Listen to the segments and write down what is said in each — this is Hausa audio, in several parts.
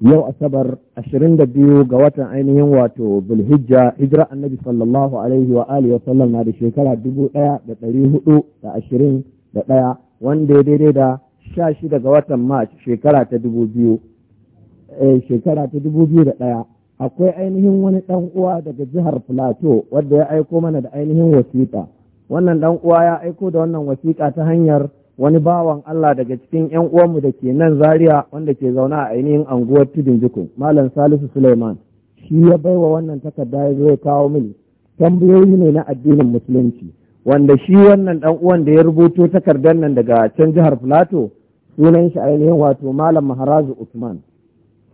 yau asabar ashirin da biyu ga watan ainihin wato Bilhijja, hijira annabi sallallahu alaihi wa alihi wasallam na da shekara 1421 wanda ya daidai da 16 ga watan march shekara ta 2000 eh, shekara ta 2001 akwai ainihin wani dan uwa daga jihar plateau wadda ya aiko mana da ainihin wasiƙa wannan dan uwa ya aiko da wannan wasiƙa ta hanyar wani bawan Allah daga cikin 'yan uwanmu da ke nan Zariya wanda ke zauna a ainihin anguwar tudun jikun malam salisu suleiman shi ya baiwa wannan takarda ya zai kawo mini tambayoyi ne na addinin musulunci wanda shi wannan dan uwan da ya rubuto takardar nan daga can jihar filato sunan shi ainihin wato malam maharazu usman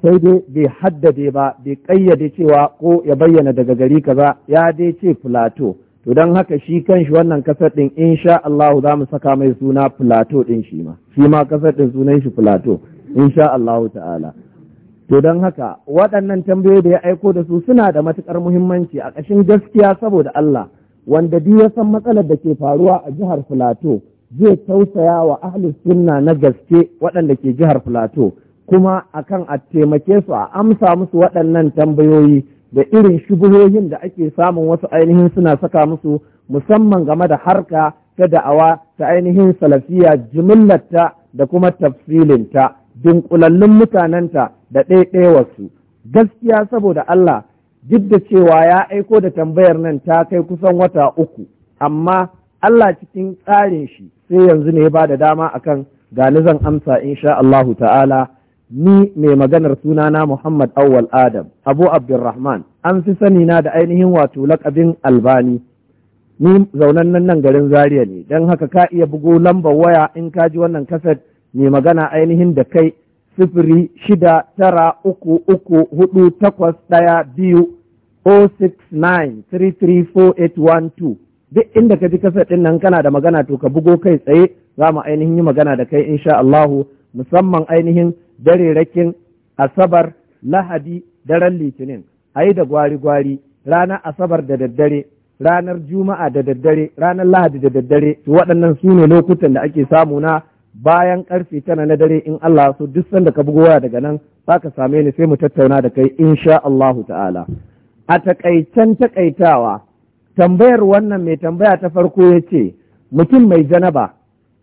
sai dai bai haddade ba bai kayyade cewa ko ya bayyana daga gari kaza ya dai ce filato to don haka shi kan shi wannan kasar ɗin sha Allah za mu saka mai suna plateau ɗin shi ma shi ma kasar ɗin sunan shi plateau sha Allah ta'ala to don haka waɗannan tambayoyi da ya aiko da su suna da matuƙar muhimmanci a ƙashin gaskiya saboda Allah wanda duk ya san matsalar da ke faruwa a jihar filato zai tausaya wa ahli sunna na gaske waɗanda ke jihar plateau kuma akan a taimake su a amsa musu waɗannan tambayoyi da irin shubuhohin da ake samun wasu ainihin suna saka musu musamman game da harka ta da'awa ta ainihin salafiya jimillarta da kuma tafsilinta dunkulallun mutanenta da ɗaiɗaiwarsu gaskiya saboda Allah duk da cewa ya aiko da tambayar nan ta kai kusan wata uku amma Allah cikin tsarin shi sai yanzu ne ba da dama akan gani zan amsa insha Allahu ta'ala ni mai maganar sunana Muhammad Awwal Adam Abu Abdulrahman an fi sani na da ainihin wato lakabin Albani ni zaunan nan garin Zaria ne Dan haka ka iya bugo lambar waya in ka ji wannan kaset mai magana ainihin da kai sifiri shida tara uku uku hudu takwas ɗaya biyu 0693348112 duk inda ka ji kaset ɗin nan kana da magana to ka bugo kai tsaye za mu ainihin yi magana da kai insha Allahu musamman ainihin rakin asabar lahadi daren litinin a yi da gwari-gwari ranar asabar da daddare ranar juma'a da daddare ranar lahadi da daddare to waɗannan su ne lokutan da ake samu na bayan ƙarfe tana na dare in Allah su duk sanda ka bugo waya daga nan zaka same ni sai mu tattauna da kai insha Allahu ta'ala a takaitan taƙaitawa, tambayar wannan mai tambaya ta farko ya ce mutum mai janaba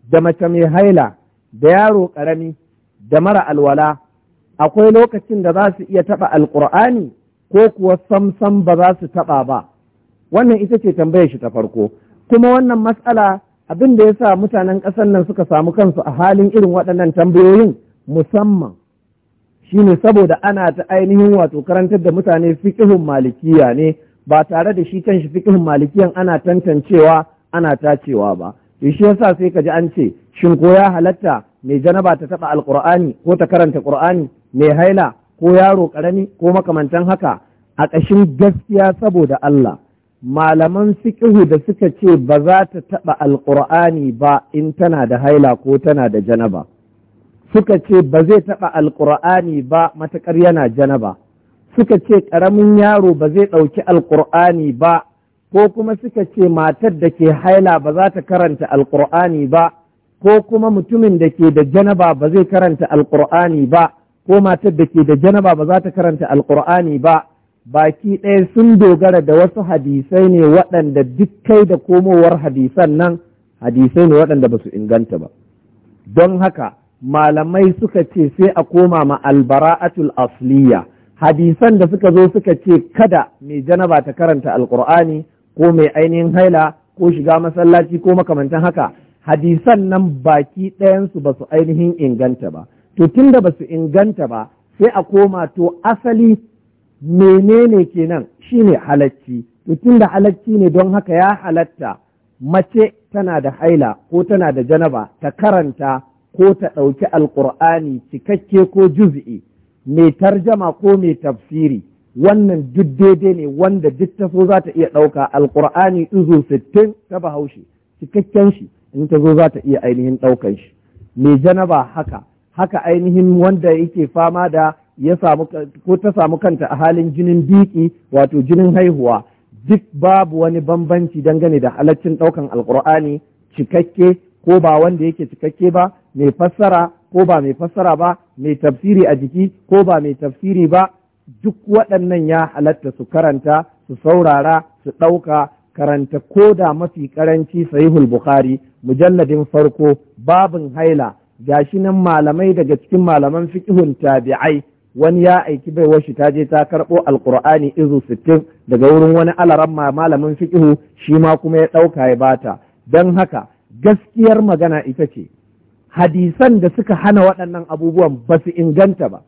da mace mai haila da yaro ƙarami. da mara alwala akwai lokacin da za su iya taɓa alƙur'ani ko kuwa samsam ba za su taɓa ba wannan ita ce tambayar shi ta farko kuma wannan matsala abin da ya sa mutanen ƙasar nan suka samu kansu a halin irin waɗannan tambayoyin musamman shine saboda ana ta ainihin wato karantar da mutane fiƙihun malikiya ne ba tare da shi kanshi fiƙihun malikiyan ana tantancewa ana tacewa ba to shi yasa sai ka ji an ce shin ko ya halatta mai janaba ta taɓa alƙur'ani ko ta karanta ƙur'ani mai haila ko yaro ƙarami ko makamantan haka a ƙashin gaskiya saboda Allah malaman fiƙihu da suka ce ba za ta taɓa alƙur'ani ba in tana da haila ko tana da janaba suka ce ba zai taɓa alƙur'ani ba matuƙar yana janaba suka ce ƙaramin yaro ba zai ɗauki alƙur'ani ba ko kuma suka ce matar da ke haila ba za ta karanta alƙur'ani ba ko kuma mutumin da ke da janaba ba zai karanta alkur'ani ba ko matar da ke da janaba ba za ta karanta alkur'ani ba baki ɗaya sun dogara da wasu hadisai ne waɗanda duk kai da komowar hadisan nan hadisai ne waɗanda ba su inganta ba don haka malamai suka ce sai a koma ma albara'atul asliya hadisan da suka zo suka ce kada mai janaba ta karanta alkur'ani ko mai ainihin haila ko shiga masallaci ko makamantan haka hadisan nan baki ɗayansu ba su ainihin inganta ba to tunda ba su inganta ba sai a koma to asali menene kenan shine halacci to da halacci ne don haka ya halatta mace tana da haila ko tana da janaba ta karanta ko ta ɗauki alƙur'ani cikakke ko juzi'i, mai tarjama ko mai tafsiri wannan duk daidai ne wanda duk ta za ta iya ɗauka alƙur'ani izo sittin ta bahaushe cikakken shi in ta zo za ta iya ainihin ɗaukan shi Me jana janaba haka haka ainihin wanda yake fama da ya samu ko ta samu kanta a halin jinin biƙi, wato jinin haihuwa duk babu wani bambanci dangane da halaccin ɗaukan alkur'ani cikakke ko ba wanda yake cikakke ba mai fassara ko ba mai fassara ba mai tafsiri a jiki ko ba mai tafsiri ba duk waɗannan ya halatta su karanta su saurara su ɗauka karanta koda mafi karanci sahihul bukhari mujalladin farko babin haila gashi nan malamai daga cikin malaman fiqhun tabi'ai wani ya aiki bai washi ta je ta karɓo Alƙur'ani izu sittin daga wurin wani alaran malamin fiƙihu shi ma kuma ya ɗauka ya bata don haka gaskiyar magana ita ce hadisan da suka hana waɗannan abubuwan ba su inganta ba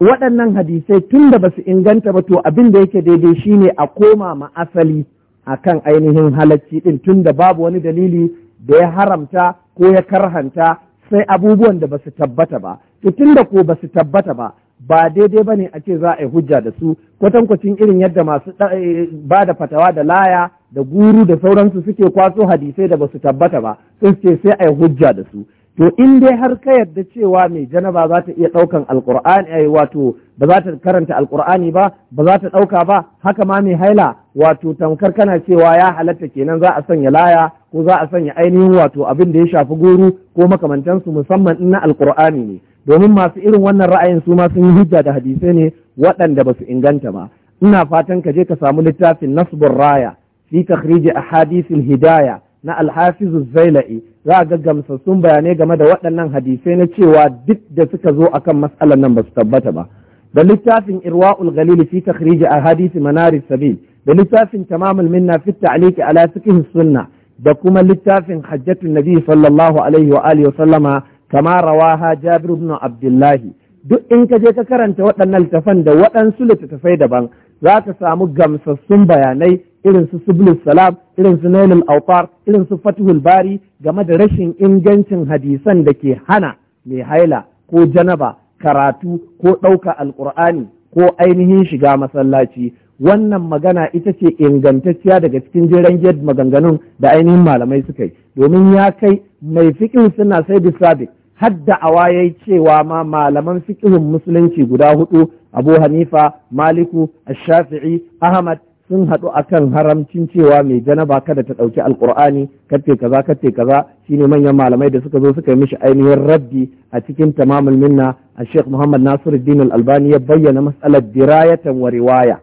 waɗannan hadisai tun da ba su inganta ba to abin da yake daidai shine a koma ma asali a kan ainihin halacci tun da babu wani dalili da ya haramta ko ya karhanta sai abubuwan da basu tabbata ba to da ko basu tabbata ba ba daidai ba ne a ce za a yi hujja da su kwatankwacin irin yadda masu eh, ba da fatawa da laya da guru da sauransu suke kwaso hadisai da basu tabbata ba sun ce sai a yi hujja da su to in dai har ka yarda cewa mai janaba za ta iya ɗaukan alƙur'ani wato ba za ta karanta alƙur'ani ba ba za ta ɗauka ba haka ma mai haila wato tamkar kana cewa ya halatta kenan za a sanya laya ko za a sanya ainihin wato abin da ya shafi goro ko makamantansu musamman in na alkur'ani ne domin masu irin wannan ra'ayin su ma sun yi hujja da hadisai ne waɗanda ba su inganta ba ina fatan ka je ka samu littafin nasbur raya fi takhrij ahadithil hidaya na alhafiz zailai za ga gamsassun bayanai game da waɗannan hadisai na cewa duk da suka zo akan matsalar nan ba su tabbata ba da littafin irwa'ul ghalil fi takhrij ahadith manar sabil da littafin tamamul minna fi ta'liqi ala fiqh sunna da kuma littafin hajjatu nabi sallallahu alaihi wa alihi wa sallama kama rawaha jabir ibn abdullahi duk in ka je ka karanta waɗannan littafan da waɗansu littattafai daban za ka samu gamsassun bayanai irin su sublus salam irin su nailul awtar irin su fatihul bari game da rashin ingancin hadisan da ke hana mai haila ko janaba karatu ko ɗauka alƙur'ani ko ainihin shiga masallaci wannan magana ita ce ingantacciya daga cikin jiran maganganun da ainihin malamai suka yi domin ya kai mai fikin suna sai bisabi hadda awayai cewa ma malaman fikin musulunci guda hudu abu hanifa maliku ashafi'i ahmad sun haɗu akan haramcin cewa mai janaba kada ta ɗauki alkur'ani kafe kaza kafe kaza shine manyan malamai da suka zo suka yi mishi ainihin rabbi a cikin tamamul minna a sheikh muhammad nasiruddin al-albani ya bayyana matsalar dirayatan wa riwaya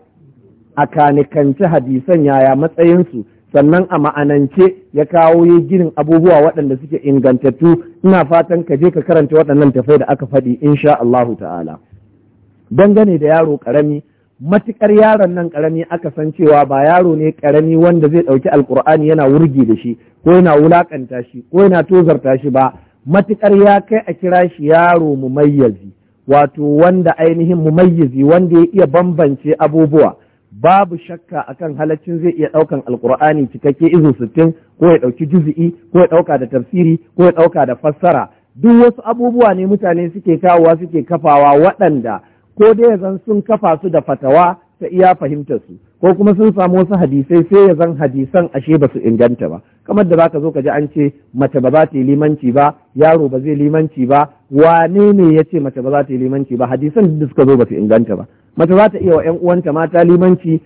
a kanikanci hadisan yaya matsayinsu sannan a ma'anance ya kawo ya ginin abubuwa waɗanda suke ingantattu ina fatan ka je ka karanta waɗannan tafai da aka faɗi insha Allahu ta'ala dangane da yaro ƙarami matukar yaron nan ƙarami aka san cewa ba yaro ne ƙarami wanda zai ɗauki alkur'ani yana wurgi da shi ko yana wulaƙanta shi ko yana tozarta shi ba matukar ya kai a kira shi yaro mumayyazi wato wanda ainihin mumayyazi wanda ya iya bambance abubuwa babu shakka akan halaccin zai iya ɗaukan alkur'ani cikakke izu sittin ko ya ɗauki juzi'i ko ya dauka da tafsiri ko ya ɗauka da fassara duk wasu abubuwa ne mutane suke kawowa suke kafawa waɗanda ko dai zan sun kafa su da fatawa ta iya fahimta su ko kuma sun samu wasu hadisai sai ya zan hadisan ashe ba su inganta ba kamar da zaka zo ka ji an ce mace ba za ta yi limanci ba yaro ba zai limanci ba wane ne ya ce mace ba za ta yi limanci ba hadisan da suka zo ba su inganta ba mace za ta iya wa 'yan uwanta mata limanci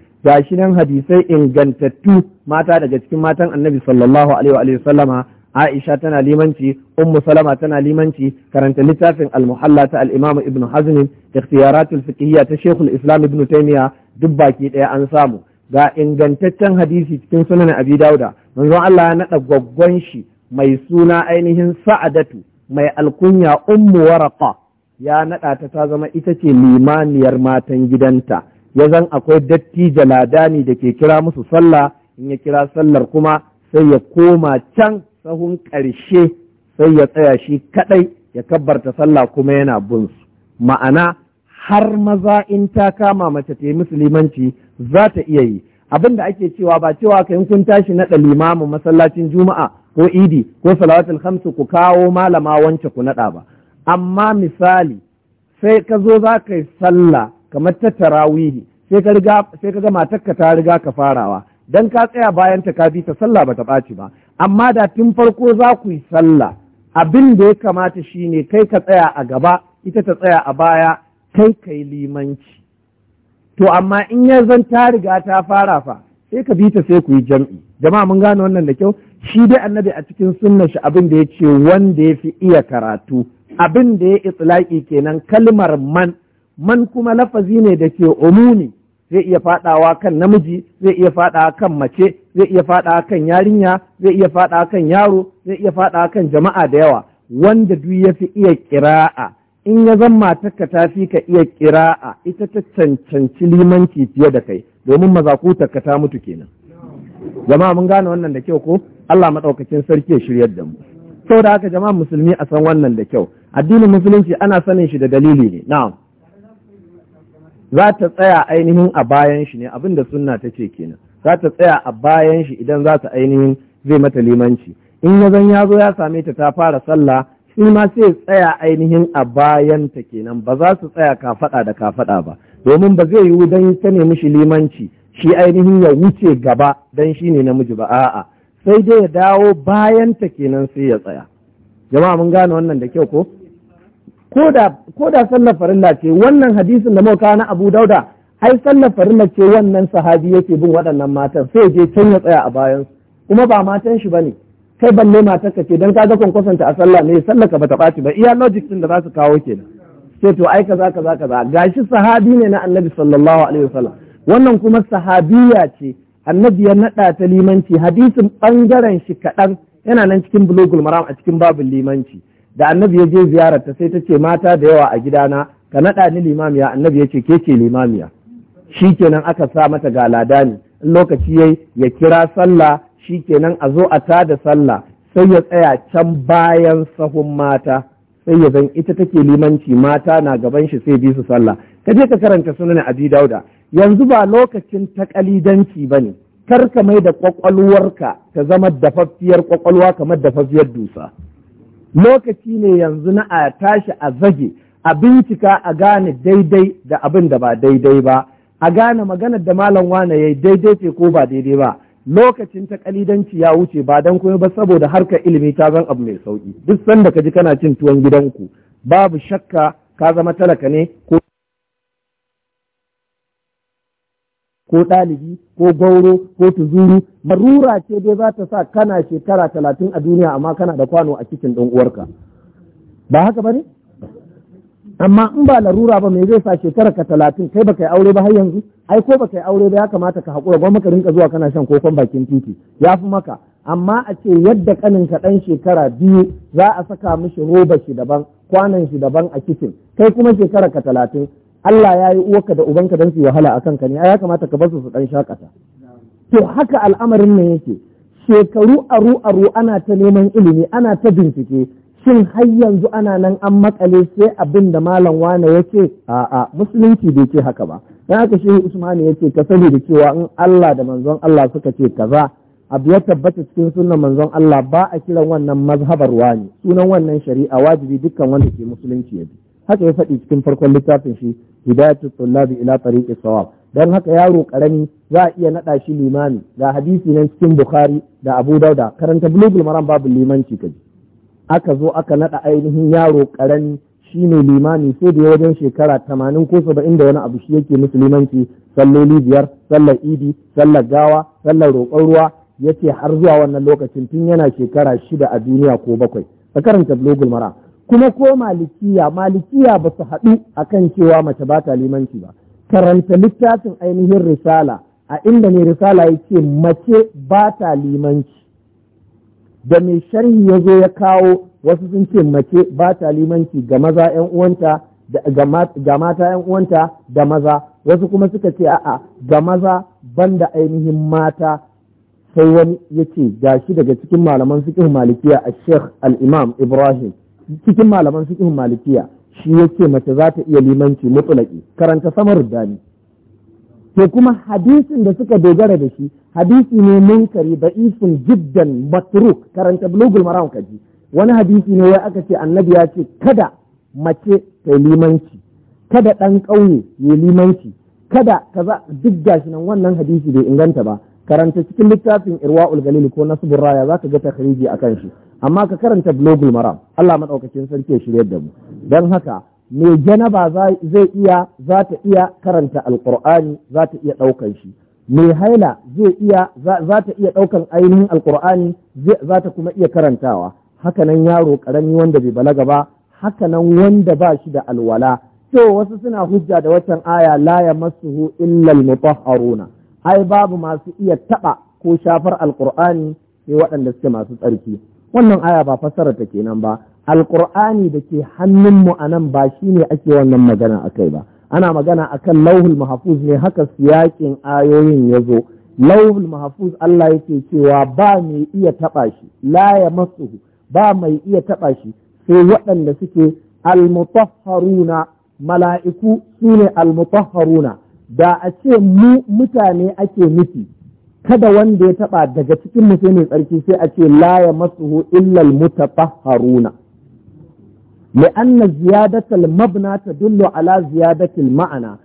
shi nan hadisai ingantattu mata daga cikin matan annabi sallallahu alaihi wa sallama Aisha tana limanci, Ummu Salama tana limanci, karanta littafin Al-Muhalla ta Al-Imam Ibn Hazm, Ikhtiyaratul Fiqhiyya ta Sheikhul Islam ibnu Taymiyyah duk baki ɗaya an samu. Ga ingantaccen hadisi cikin sunan Abi Dauda, manzon Allah ya naɗa gwaggon shi mai suna ainihin Sa'adatu mai alkunya Ummu Waraqa ya naɗa ta ta zama ita ce limaniyar matan gidanta ya zan akwai dattija ladani da ke kira musu sallah in ya kira sallar kuma sai ya koma can sahun ƙarshe sai ya tsaya shi kaɗai ya kabbarta sallah kuma yana bin su ma'ana har maza in ta kama mace ta yi musulmanci za ta iya yi abin da ake cewa ba cewa ka kun tashi naɗa limamin masallacin juma'a ko idi ko salawatul hamsu ku kawo malama wance ku naɗa ba amma misali sai ka zo za ka yi sallah kamar ta tarawihi sai ka gama takka ta riga ka farawa don ka tsaya bayan ta ka bi ta sallah ta ɓaci ba amma da tun farko za ku yi sallah abin da ya kamata shi ne kai ka tsaya a gaba ita ta tsaya a baya kai ka yi limanci to amma in ya zan ta riga ta fara fa sai ka bi ta sai ku yi jam'i jama'a mun gane wannan da kyau shi dai annabi a cikin sunnar shi abin da ya ce wanda ya fi iya karatu abin da ya itlaki kenan kalmar man man kuma lafazi ne da ke umuni zai iya fadawa kan namiji zai iya fadawa kan mace zai iya fadawa kan yarinya zai iya fadawa kan yaro zai iya fadawa kan jama'a da yawa wanda duk ya fi iya kira'a in ya zan matarka ta fi ka iya kira'a ita ta cancanci limanci fiye da kai domin mazakutarka ta mutu kenan jama'a mun gane wannan da kyau ko Allah maɗaukakin sarki ya shiryar da mu. Sau da haka jama'a musulmi a san wannan da kyau. addinin musulunci ana sanin shi da dalili ne na'am za ta tsaya ainihin a bayan shi ne abin da sunna ta ce kenan za ta tsaya a bayan shi idan za ta ainihin zai mata limanci in ya zan ya zo ya same ta ta fara sallah shi ma sai tsaya ainihin a bayan ta kenan ba za su tsaya kafaɗa da kafaɗa ba domin ba zai yiwu dan ta nemi shi limanci shi ainihin ya wuce gaba dan shi ne namiji ba a'a sai dai ya dawo bayan ta kenan sai ya tsaya jama'a mun gane wannan da kyau ko ko da sallar farilla ce wannan hadisin da muka na Abu Dauda ai sallar farilla ce wannan sahabi yake bin waɗannan matan sai je can ya tsaya a bayan kuma ba matan shi bane kai balle matar ka ce dan kaga kwankwasanta a sallah ne sallar ka bata ɓaci ba iya logic din da za su kawo kenan sai to ai kaza kaza kaza gashi sahabi ne na Annabi sallallahu alaihi wasallam wannan kuma sahabiya ce annabi ya naɗa ta limanci hadisin ɓangaren shi kaɗan yana nan cikin bulogul maram a cikin babin limanci da annabi ya je ziyararta sai ta ce mata da yawa a gidana ka naɗa ni limamiya annabi ya ce ke ce limamiya shi kenan aka sa mata ga ne. in lokaci yayi ya kira sallah shi kenan a zo a ta da sallah sai ya tsaya can bayan sahun mata sai ya zan ita take limanci mata na gaban shi sai bi su sallah ka je ka karanta sunan abi dauda yanzu ba lokacin ba bane kar ka mai da kwakwalwarka ta zama dafaffiyar kwakwalwa kamar dafaffiyar dusa lokaci ne yanzu na a tashi a zage a bincika a gane daidai da abin da ba daidai ba a gane maganar da malam wane ya daidai ce ko ba daidai ba lokacin ta kalidanci ya wuce ba dan kuma ba saboda harkar ilimi ta zan abu mai sauki duk sanda ka ji kana cin tuwon gidanku babu shakka ka zama talaka ne ko ko ɗalibi ko gauro ko tuzuru barura ce dai za ta sa kana shekara talatin a duniya amma kana da kwano a cikin ɗan uwarka ba haka ba ne amma in ba larura ba mai zai sa shekara ka talatin kai ba kai aure ba har yanzu ai ko ba yi aure ba ya kamata ka haƙura ba ka rinka zuwa kana shan kokon bakin titi ya fi maka amma a ce yadda kanin ka ɗan shekara biyu za a saka mishi roba shi daban kwanan shi daban a kicin kai kuma shekara ka talatin Allah ya yi uwarka da ubanka don su yi wahala a kanka ne ya kamata ka basu su ɗan shakata to haka al'amarin nan yake shekaru aru aru ana ta neman ilimi ana ta bincike shin har yanzu ana nan an makale sai abin da malam wane yake a'a musulunci bai ce haka ba dan haka shi ya ce ka sani da cewa in Allah da manzon Allah suka ce kaza abu ya tabbata cikin sunan manzon Allah ba a kiran wannan mazhabar wani sunan wannan shari'a wajibi dukkan wanda ke musulunci ya bi haka ya faɗi cikin farkon littafin shi hidayatu tullabi ila tariqi sawab dan haka yaro karami za a iya nada shi limami ga hadisi nan cikin bukhari da abu dauda karanta bulugul maram babu limanci kaji aka zo aka nada ainihin yaro karami ne limami sai da wajen shekara tamanin ko saba'in da wani abu shi yake musulmanci salloli biyar sallar idi sallar gawa sallar roƙon ruwa yace har zuwa wannan lokacin tun yana shekara shida a duniya ko bakwai ka karanta blogul mara kuma ko malikiya malikiya ba su haɗu a kan cewa mace ba ta limanci ba karanta littafin ainihin risala a inda ne risala ya ce mace ba ta limanci da mai sharhi ya zo ya kawo wasu sun ce mace ba ta limanci ga maza 'yan ga mata 'yan uwanta da maza wasu kuma suka ce a'a ga maza banda ainihin mata sai wani ya ce gashi daga cikin malaman fiqh malikiya a sheikh al-imam ibrahim cikin malaman fiqhin malikiya shi yake mace za ta iya limanci mutulaki karanta samar dani to kuma hadisin da suka dogara da shi hadisi ne munkari da isin jiddan matruk karanta blogul maram kaji wani hadisi ne ya aka ce annabi ya ce kada mace ta limanci kada ɗan ƙauye ya limanci kada ka kaza duk gashi nan wannan hadisi bai inganta ba karanta cikin littafin irwa'ul galil ko nasbur raya zaka ga a kan shi amma ka karanta Global maram Allah maɗaukacin sarki ya shirya da mu don haka mai janaba zai iya za ta iya karanta Alƙur'ani za ta iya ɗaukan shi Me haila zai iya za ta iya ɗaukan ainihin Alƙur'ani za ta kuma iya karantawa Haka nan yaro ƙarami wanda bai balaga ba Haka nan wanda ba shi da alwala to wasu suna hujja da waccan aya la masuhu illa almutahharuna ai babu masu iya taɓa ko shafar alqur'ani sai waɗanda suke masu tsarki wannan aya ba fassara ta kenan ba alqur'ani da ke hannun mu nan ba shine ake wannan magana akai ba ana magana akan lauhul mahafuz ne haka siyakin ayoyin ya zo lauhul mahfuz Allah yake cewa ba mai iya taɓa shi la ya masuhu ba mai iya taɓa shi sai waɗanda suke almutahharuna mala'iku sune almutahharuna da a ce mu mutane ake nufi kada wanda ya taba daga cikin mu mai tsarki sai a ce la ya masuhu illal mutatahharuna li'anna ziyadatul mabna tadullu ala ziyadatil ma'ana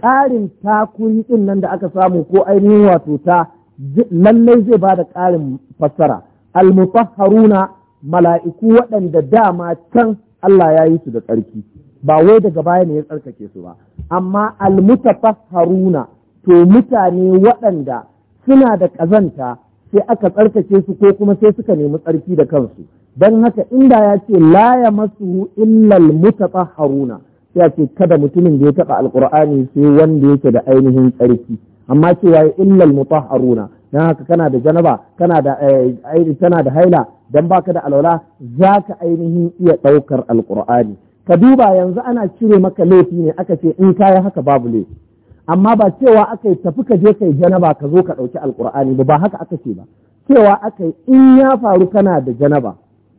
ƙarin takuri din nan da aka samu ko ainihin wato ta lallai zai ba da ƙarin fassara al mutahharuna mala'iku waɗanda dama can Allah ya yi su da tsarki ba wai daga baya ne ya tsarkake su ba amma al mutatahharuna to mutane waɗanda suna da ƙazanta sai aka tsarkake su ko kuma sai suka nemi tsarki da kansu don haka inda ya ce laya masu illal Haruna. sai ce kada mutumin da ya taɓa alƙur'ani sai wanda yake da ainihin tsarki amma cewa illal Haruna. dan haka kana da janaba kana da tana eh, da haila don baka da alwala zaka ainihin iya ɗaukar alƙur'ani ka duba yanzu ana cire maka laifi ne aka ce in kayi haka babu laifi amma ba cewa aka yi tafi ka je kai janaba ka zo ka ɗauki alkur'ani ba ba haka aka ce ba cewa aka yi in ya faru kana da janaba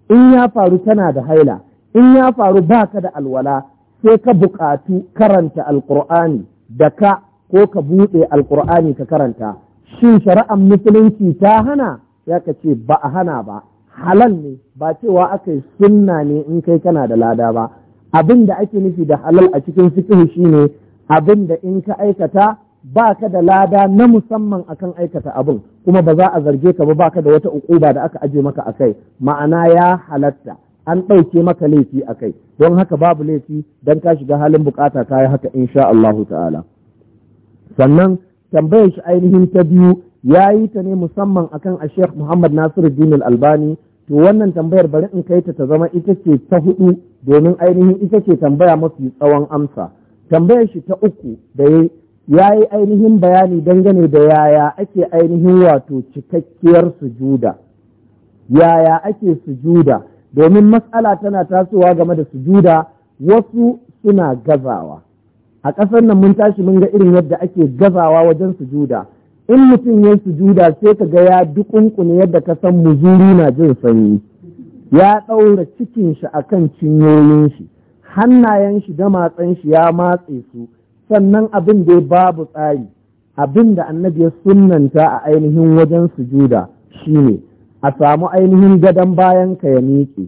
in ya faru kana da haila in ya faru ba ka da alwala sai ka buƙatu karanta alkur'ani da ka ko ka buɗe alkur'ani ka karanta shin shari'ar musulunci ta hana ya ka ce ba a hana ba halal ne ba cewa aka yi sunna ne in kai kana da lada ba abin da ake nufi da halal a cikin fikihu shine abin da in ka aikata ba ka da lada na musamman akan aikata abin kuma ba za a zarge ka ba ka da wata ukuba da aka ajiye maka akai ma'ana ya halatta an ɗauke maka laifi a kai don haka babu laifi don ka shiga halin bukata yi haka insha ta'ala sannan tambayar shi ainihin ta biyu ya yi ta ne musamman akan a Sheikh Muhammad Nasiru Dinul Albani to wannan tambayar bari in kai ta ta zama ita ce ta hudu domin ainihin ita ce tambaya mafi tsawon amsa tambayar shi ta uku da ya yi ainihin bayani dangane da yaya ake ainihin wato cikakkiyar sujuda yaya ake sujuda domin matsala tana tasowa game da sujuda wasu suna gazawa a ƙasar nan mun tashi mun ga irin yadda ake gazawa wajen sujuda in mutum ya sujuda sai ka ga ya dukunkune yadda ka san muzuri na jin sanyi ya ɗaura cikin shi akan cinyoyin shi hannayen shi da matsan shi ya matse su sannan abin da babu tsari abin da annabi ya sunnanta a ainihin wajen sujuda shine a samu ainihin gadon bayan ka ya miƙe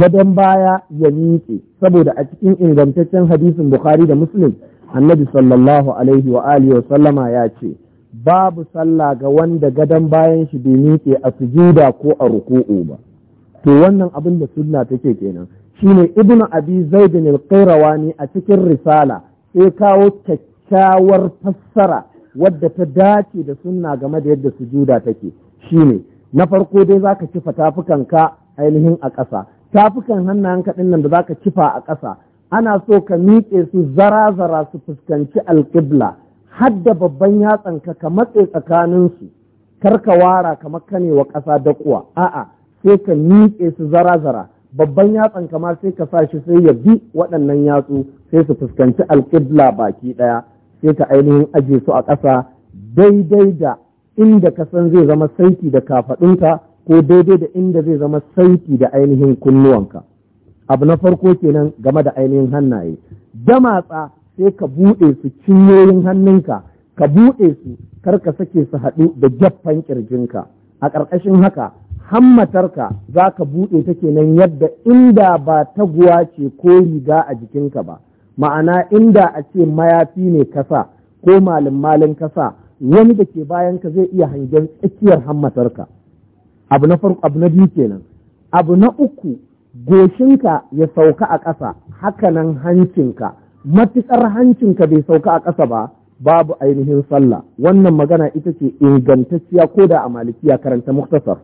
gadon baya ya miƙe saboda a cikin ingantaccen hadisin bukhari da muslim annabi sallallahu alaihi wa alihi wa sallama ya ce babu sallah ga wanda gadon bayan shi bai miƙe a sujuda ko a ruku'u ba to wannan abin da sunna take kenan shine ibnu abi zaidin al-qayrawani a cikin risala sai kawo kyakkyawar fassara wadda ta dace da sunna game da yadda sujuda take shine na farko dai zaka kifa ka. ainihin a ƙasa tafukan hannayen kaɗin nan da zaka kifa a ƙasa ana so ka miƙe su zara-zara su fuskanci alƙibla hadda babban yatsan ka ka matse tsakaninsu ka wara kamar kane wa ƙasa da kuwa a'a sai ka miƙe su zara-zara babban yatsan kama sai ka sa shi sai ya bi waɗannan yatsu sai su fuskanci alƙibla baki ɗaya sai ka ainihin aje su a ƙasa daidai da inda ka san zai zama saiti da kafaɗinka ko daidai da inda zai zama saiti da ainihin kunnuwanka abu na farko kenan game da ainihin hannaye damatsa sai ka buɗe su cinyoyin hannunka ka buɗe su kar ka sake su haɗu da gyaffan ƙirjinka a ƙarƙashin haka hammatarka za ka buɗe ta kenan yadda inda ba taguwa ce ko riga a jikinka ba ma'ana inda a ce mayafi ne kasa ko malin malin kasa wani da ke bayan ka zai iya hangen tsakiyar hammatarka abu na farko abu na biyu kenan abu na uku goshinka ya sauka a ƙasa haka hakanan hancinka matuƙar hancinka bai sauka a ƙasa ba babu ainihin sallah wannan magana ita ce ingantacciya ko da a malikiya karanta muktasar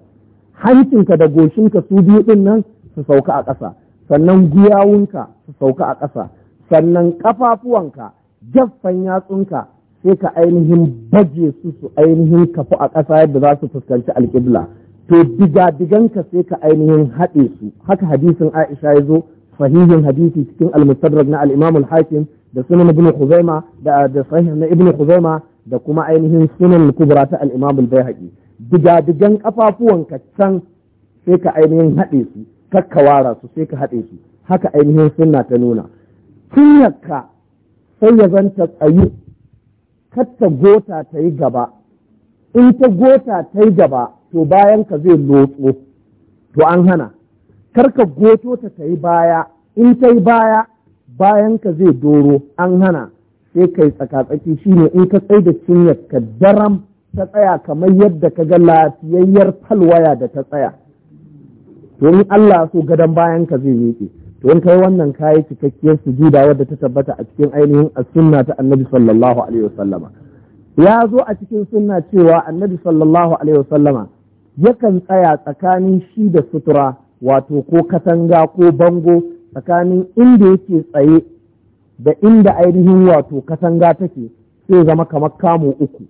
hancinka da goshinka su biyu ɗin nan su sauka a ƙasa sannan guyawunka su sauka a ƙasa sannan ƙafafuwanka jaffan yatsunka sai ka ainihin baje su su ainihin kafu a ƙasa yadda za su fuskanci alƙibla to diga-diganka sai ka ainihin haɗe su haka hadisin aisha ya zo sahihin hadisi cikin al na al-imam al-hakim da sunan ibn khuzaima da da na ibn khuzaima da kuma ainihin sunan kubra ta al-imam al bayhaqi digadigan ka can sai ka ainihin haɗe su kakkawara su sai ka haɗe su haka ainihin sunna ta nuna cinyarka sai ya zanta kar katta gota ta yi gaba in ta gota ta yi gaba to bayan ka zai lotso to an hana karka goto ta ta yi baya in ta yi baya bayan ka zai doro an hana sai yi tsakatsaki shine in ka tsaye da cinyar ka daram ta tsaya kamar yadda ka ga lafiyayyar falwaya da ta tsaya domin Allah so gadon bayan ka zai yake to in kai wannan kayi cikakkiyar sujuda wadda ta tabbata a cikin ainihin as-sunna ta Annabi sallallahu alaihi wasallama ya zo a cikin sunna cewa Annabi sallallahu alaihi wasallama yakan tsaya tsakanin shi da sutura wato ko katanga ko bango tsakanin inda yake tsaye da inda ainihin wato katanga take sai zama kamar kamo uku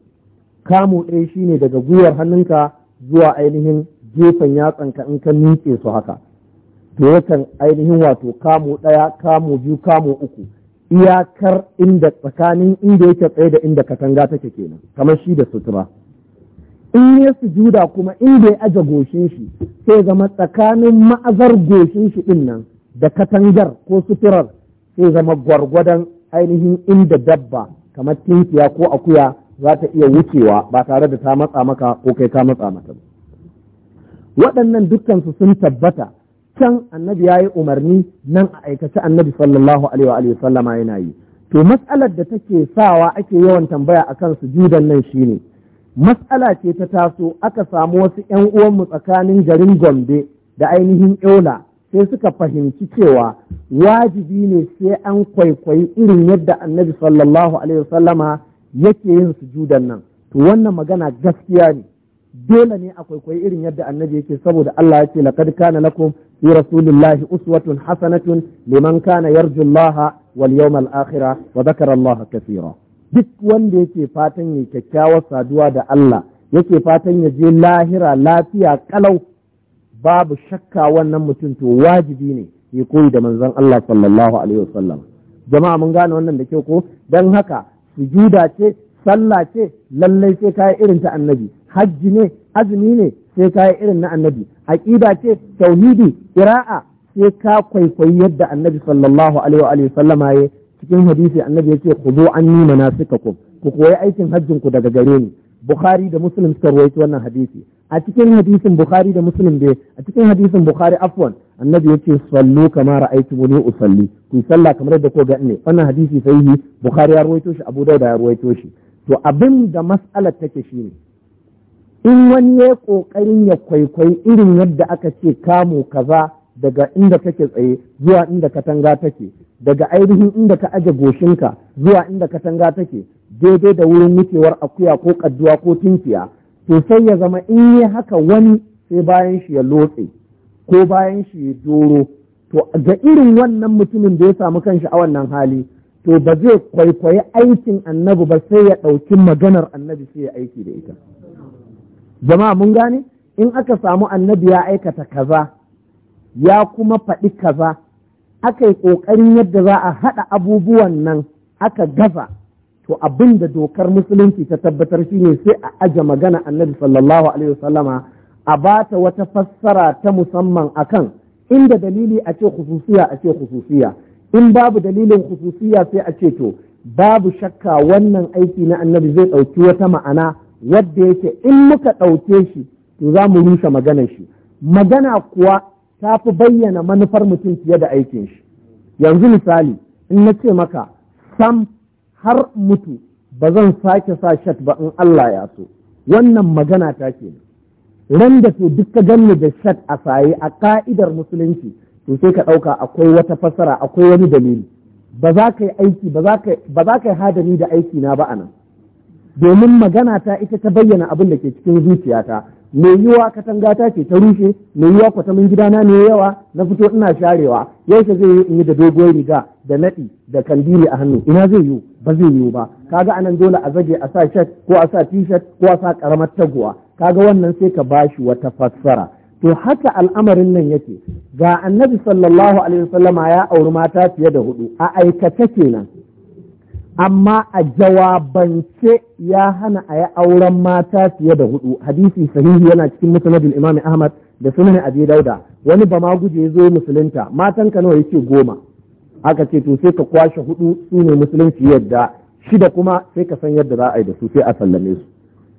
kamu ɗaya shi ne daga gwiwar hannunka zuwa ainihin gefen yatsanka in ka miƙe su haka to yakan ainihin wato kamu ɗaya kamu biyu kamu uku iyakar inda tsakanin inda yake tsaye da inda katanga take kenan kamar shi da sutura in ya sujuda kuma inda ya aje goshin shi sai zama tsakanin ma'azar goshin shi din nan da katangar ko suturar sai zama gwargwadon ainihin inda dabba kamar tinkiya ko akuya za ta iya wucewa ba tare da ta matsa maka ko kai ka matsa mata ba waɗannan dukkansu sun tabbata can annabi ya yi umarni nan a aikace annabi sallallahu alaihi wa sallama yana yi to matsalar da take sawa ake yawan tambaya a kansu judan nan shine matsala ce ta taso aka samu wasu ƴan uwanmu tsakanin garin Gombe da ainihin Eula sai suka fahimci cewa wajibi ne sai an kwaikwayi irin yadda annabi sallallahu alaihi wa yake yin sujudan nan to wannan magana gaskiya ne dole ne a kwaikwayi irin yadda annabi yake saboda Allah ya ce laqad kana lakum fi rasulillahi uswatun hasanatun liman kana yarju Allah wal yawmal akhira wa dhakara Allah kathira duk wanda yake fatan ya kyakkyawar saduwa da Allah yake fatan ya je lahira lafiya kalau babu shakka wannan mutum to wajibi ne ya koyi da manzon Allah sallallahu alaihi wasallam jama'a mun gane wannan da kyau ko dan haka sujuda ce sallah ce lallai sai kayi irin ta annabi hajji ne azumi ne sai kayi irin na annabi aqida ce tauhidi qira'a sai ka kwaikwayi yadda annabi sallallahu alaihi wa sallama ya cikin hadisi annabi ya ce ku yace khudu anni manasikakum ku koyi aikin hajjinku daga gare ni bukhari da muslim suka rawaito wannan hadisi a cikin hadisin bukhari da muslim dai a cikin hadisin bukhari afwan annabi yake sallu kama wani usalli ku sallah kamar da ko ga ne wannan hadisi sahihi bukhari ya ruwaito shi abu dauda ya ruwaito shi to abin da mas'alar take shine in wani ya kokarin ya kwaikwayi irin yadda aka ce kamo kaza daga inda kake tsaye zuwa inda katanga take daga ainihin inda ka aje goshinka zuwa inda katanga take daidai da wurin wucewar akuya ko kadduwa ko tinkiya to sai ya zama in yi haka wani sai bayan shi ya lotse ko bayan shi ya doro to ga irin wannan mutumin da ya samu kanshi a wannan hali to ba zai kwaikwayi aikin annabi ba sai ya ɗauki maganar annabi sai ya aiki da ita jama'a mun gane in aka samu annabi ya aikata kaza ya kuma faɗi kaza aka yi ƙoƙarin yadda za a haɗa abubuwan nan aka gaza to abin da dokar musulunci ta tabbatar shine sai a aje magana annabi sallallahu alaihi wasallama a bata wata fassara ta musamman akan inda dalili a ce khususiya a ce khususiya in babu dalilin khususiya sai a ce to babu shakka wannan aiki na annabi zai ɗauki wata ma'ana wadda yake in muka ɗauke shi to za mu rushe maganar shi magana kuwa ta fi bayyana manufar mutum fiye da aikin shi yanzu misali in na ce maka sam har mutu ba zan sake sa shat ba in Allah ya so wannan magana ta ke ran da to duk ganni da shat a saye a ka'idar musulunci to sai ka ɗauka akwai wata fasara akwai wani dalili ba za ka yi aiki ba za ka hadani da aiki na ba anan domin magana ta ita ta bayyana abin da ke cikin zuciyata Me yiwa katanga ta ce ta rushe mai yiwa kwatamin gidana ne yawa na fito ina sharewa yaushe zai yi in yi da doguwar riga da naɗi da kandiri a hannu ina zai yiwu ba zai yiwu ba kaga anan dole a zage a sa shirt ko a sa t-shirt ko a sa karamar taguwa kaga wannan sai ka bashi wata fassara to haka al'amarin nan yake ga annabi sallallahu alaihi wasallama ya auri mata fiye da hudu a aikace kenan amma a jawabance ya hana a yi auren mata fiye da hudu hadisi sahihi yana cikin musnadul imami ahmad da sunan abi dauda wani bama guje zo musulunta matan ka nawa yace goma aka ce to sai ka kwashe hudu su ne musulunci yadda shida kuma sai ka san yadda za a yi da su sai a sallame su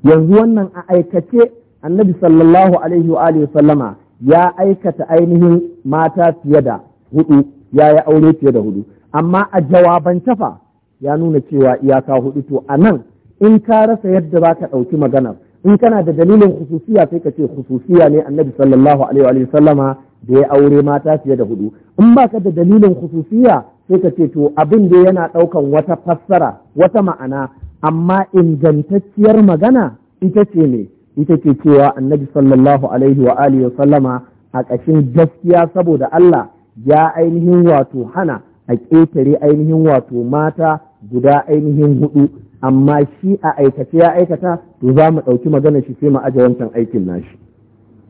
yanzu wannan a aikace annabi sallallahu alaihi wa alihi sallama ya aikata ainihin mata fiye da hudu ya yi aure fiye da hudu amma a jawaban tafa ya nuna cewa iyaka hudu to a nan in ka rasa yadda za ka ɗauki maganar in kana da dalilin khususiya sai ka ce khususiya ne annabi sallallahu alaihi wa sallama da ya aure mata fiye da hudu in baka da dalilin khususiya sai ka ce to abin da yana daukan wata fassara wata ma'ana amma ingantacciyar magana ita ce ne ita ce cewa annabi sallallahu alaihi wa alihi sallama a ƙashin gaskiya saboda Allah ya ainihin wato hana a ƙetare ainihin wato mata guda ainihin hudu amma shi a aikace ya aikata to za mu ɗauki magana shi sai mu aje wancan aikin nashi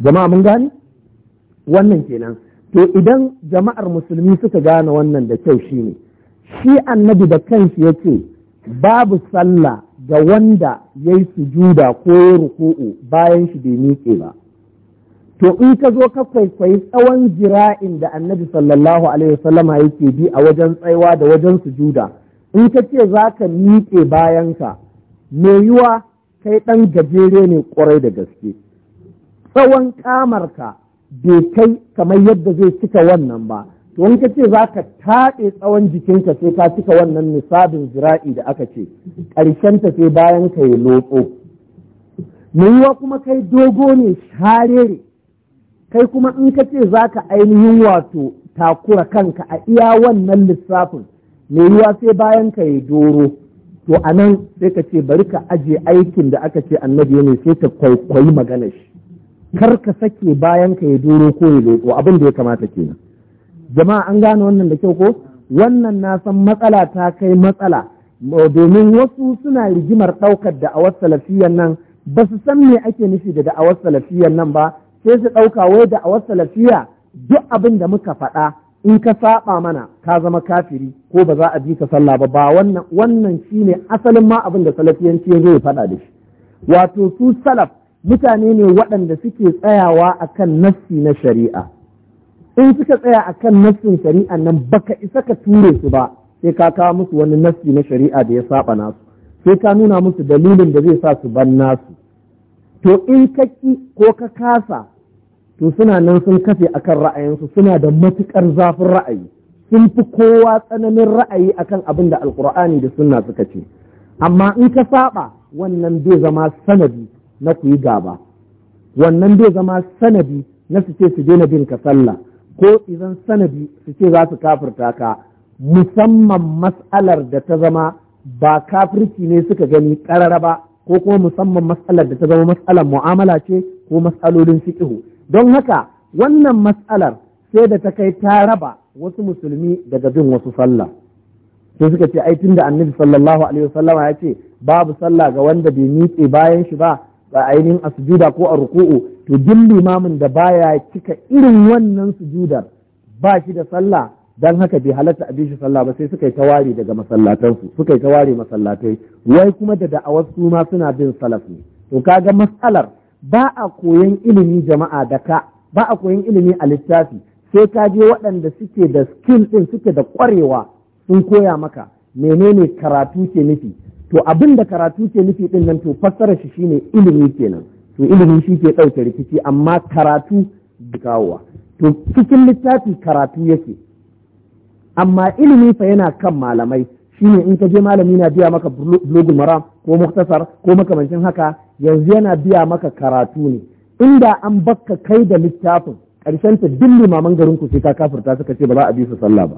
jama'a mun gane wannan kenan to idan jama'ar musulmi suka gane wannan da kyau shi ne, shi annabi da ya yake babu sallah ga wanda ya yi sujuda ko ya ruku'u bayan shi bai miƙe ba to in ka zo ka kwaikwayi tsawon jira'in da annabi sallallahu alaihi wasallama yake bi a wajen tsaiwa da wajen sujuda in ka ce za ka miƙe bayanka mai yiwa kai ɗan gajere ne ƙwarai da gaske tsawon kamarka bai kai kamar yadda zai cika wannan ba to in ka ce za ka taɗe tsawon jikinka sai ka cika wannan nisabin zira'i da aka ce ƙarshen ta sai bayan ka yi lotso mai yiwa kuma kai dogo ne sharere kai kuma in ka ce za ka ainihin wato takura kanka a iya wannan lissafin mai yiwa sai bayan ka yi doro to a nan sai ka ce bari ka aje aikin da aka ce annabi ne sai ka kwaikwayi magana shi kar ka sake bayan ka yi doro ko yi loko abin da ya kamata kenan jama'a an gane wannan da kyau ko wannan na san matsala ta kai matsala domin wasu suna rigimar ɗaukar da awar salafiyan nan ba su san me ake nufi da da'awar salafiyan nan ba sai su ɗauka wai da awar salafiya duk abin da muka faɗa in ka saba mana ka zama kafiri ko ba za a ji ka sallah ba ba wannan wannan shine asalin ma abin da salafiyanci ya zai ya faɗa da shi wato su salaf mutane ne waɗanda suke tsayawa akan nassi na shari'a in suka tsaya akan nassin shari'a nan baka isa ka ture su ba sai ka kawo musu wani nassi na shari'a da ya saba nasu sai ka nuna musu dalilin da zai sa su ban nasu to in ka ki ko ka kasa to suna nan sun kafe akan ra'ayinsu suna da matukar zafin ra'ayi sun fi kowa tsananin ra'ayi akan abin da alkur'ani da sunna suka ce amma in ka saba wannan bai zama sanadi na ku yi gaba wannan bai zama sanadi na su ce su daina bin ka sallah ko idan sanadi su ce za su kafirta ka musamman mas'alar da ta zama ba kafirci ne suka gani karara ba ko kuma musamman matsalar da ta zama matsalar mu'amala ce ko mas'alolin fiqhu don haka wannan matsalar sai da ta kai ta raba wasu musulmi daga bin wasu sallah sai suka ce ai tunda annabi sallallahu alaihi wasallama ya ce babu sallah ga wanda bai miƙe bayan shi ba Ba ainihin a sujuda ko a ruku'u to duk limamin da baya cika irin wannan sujudar ba shi da sallah dan haka bai halatta abin shi sallah ba sai suka yi tawari daga masallatansu suka yi tawari masallatai wai kuma da da'awar su ma suna bin salaf ne to kaga matsalar ba a koyon ilimi jama'a da ka ba a koyon ilimi a littafi sai ka je waɗanda suke da skill ɗin suke da ƙwarewa sun koya maka menene karatu ke nufi to abin da karatu ke nufi ɗin nan to fassara shi shine ilimi kenan to ilimi shi ke ɗauke rikici amma karatu da kawowa to cikin littafi karatu yake amma ilimi fa yana kan malamai shine in ka je malami na biya maka blogul maram ko muktasar ko makamancin haka yanzu yana biya maka karatu ne inda an bakka kai da littafin ƙarshen ta duk limaman garin ku sai ka kafirta suka ce ba za a bi su sallah ba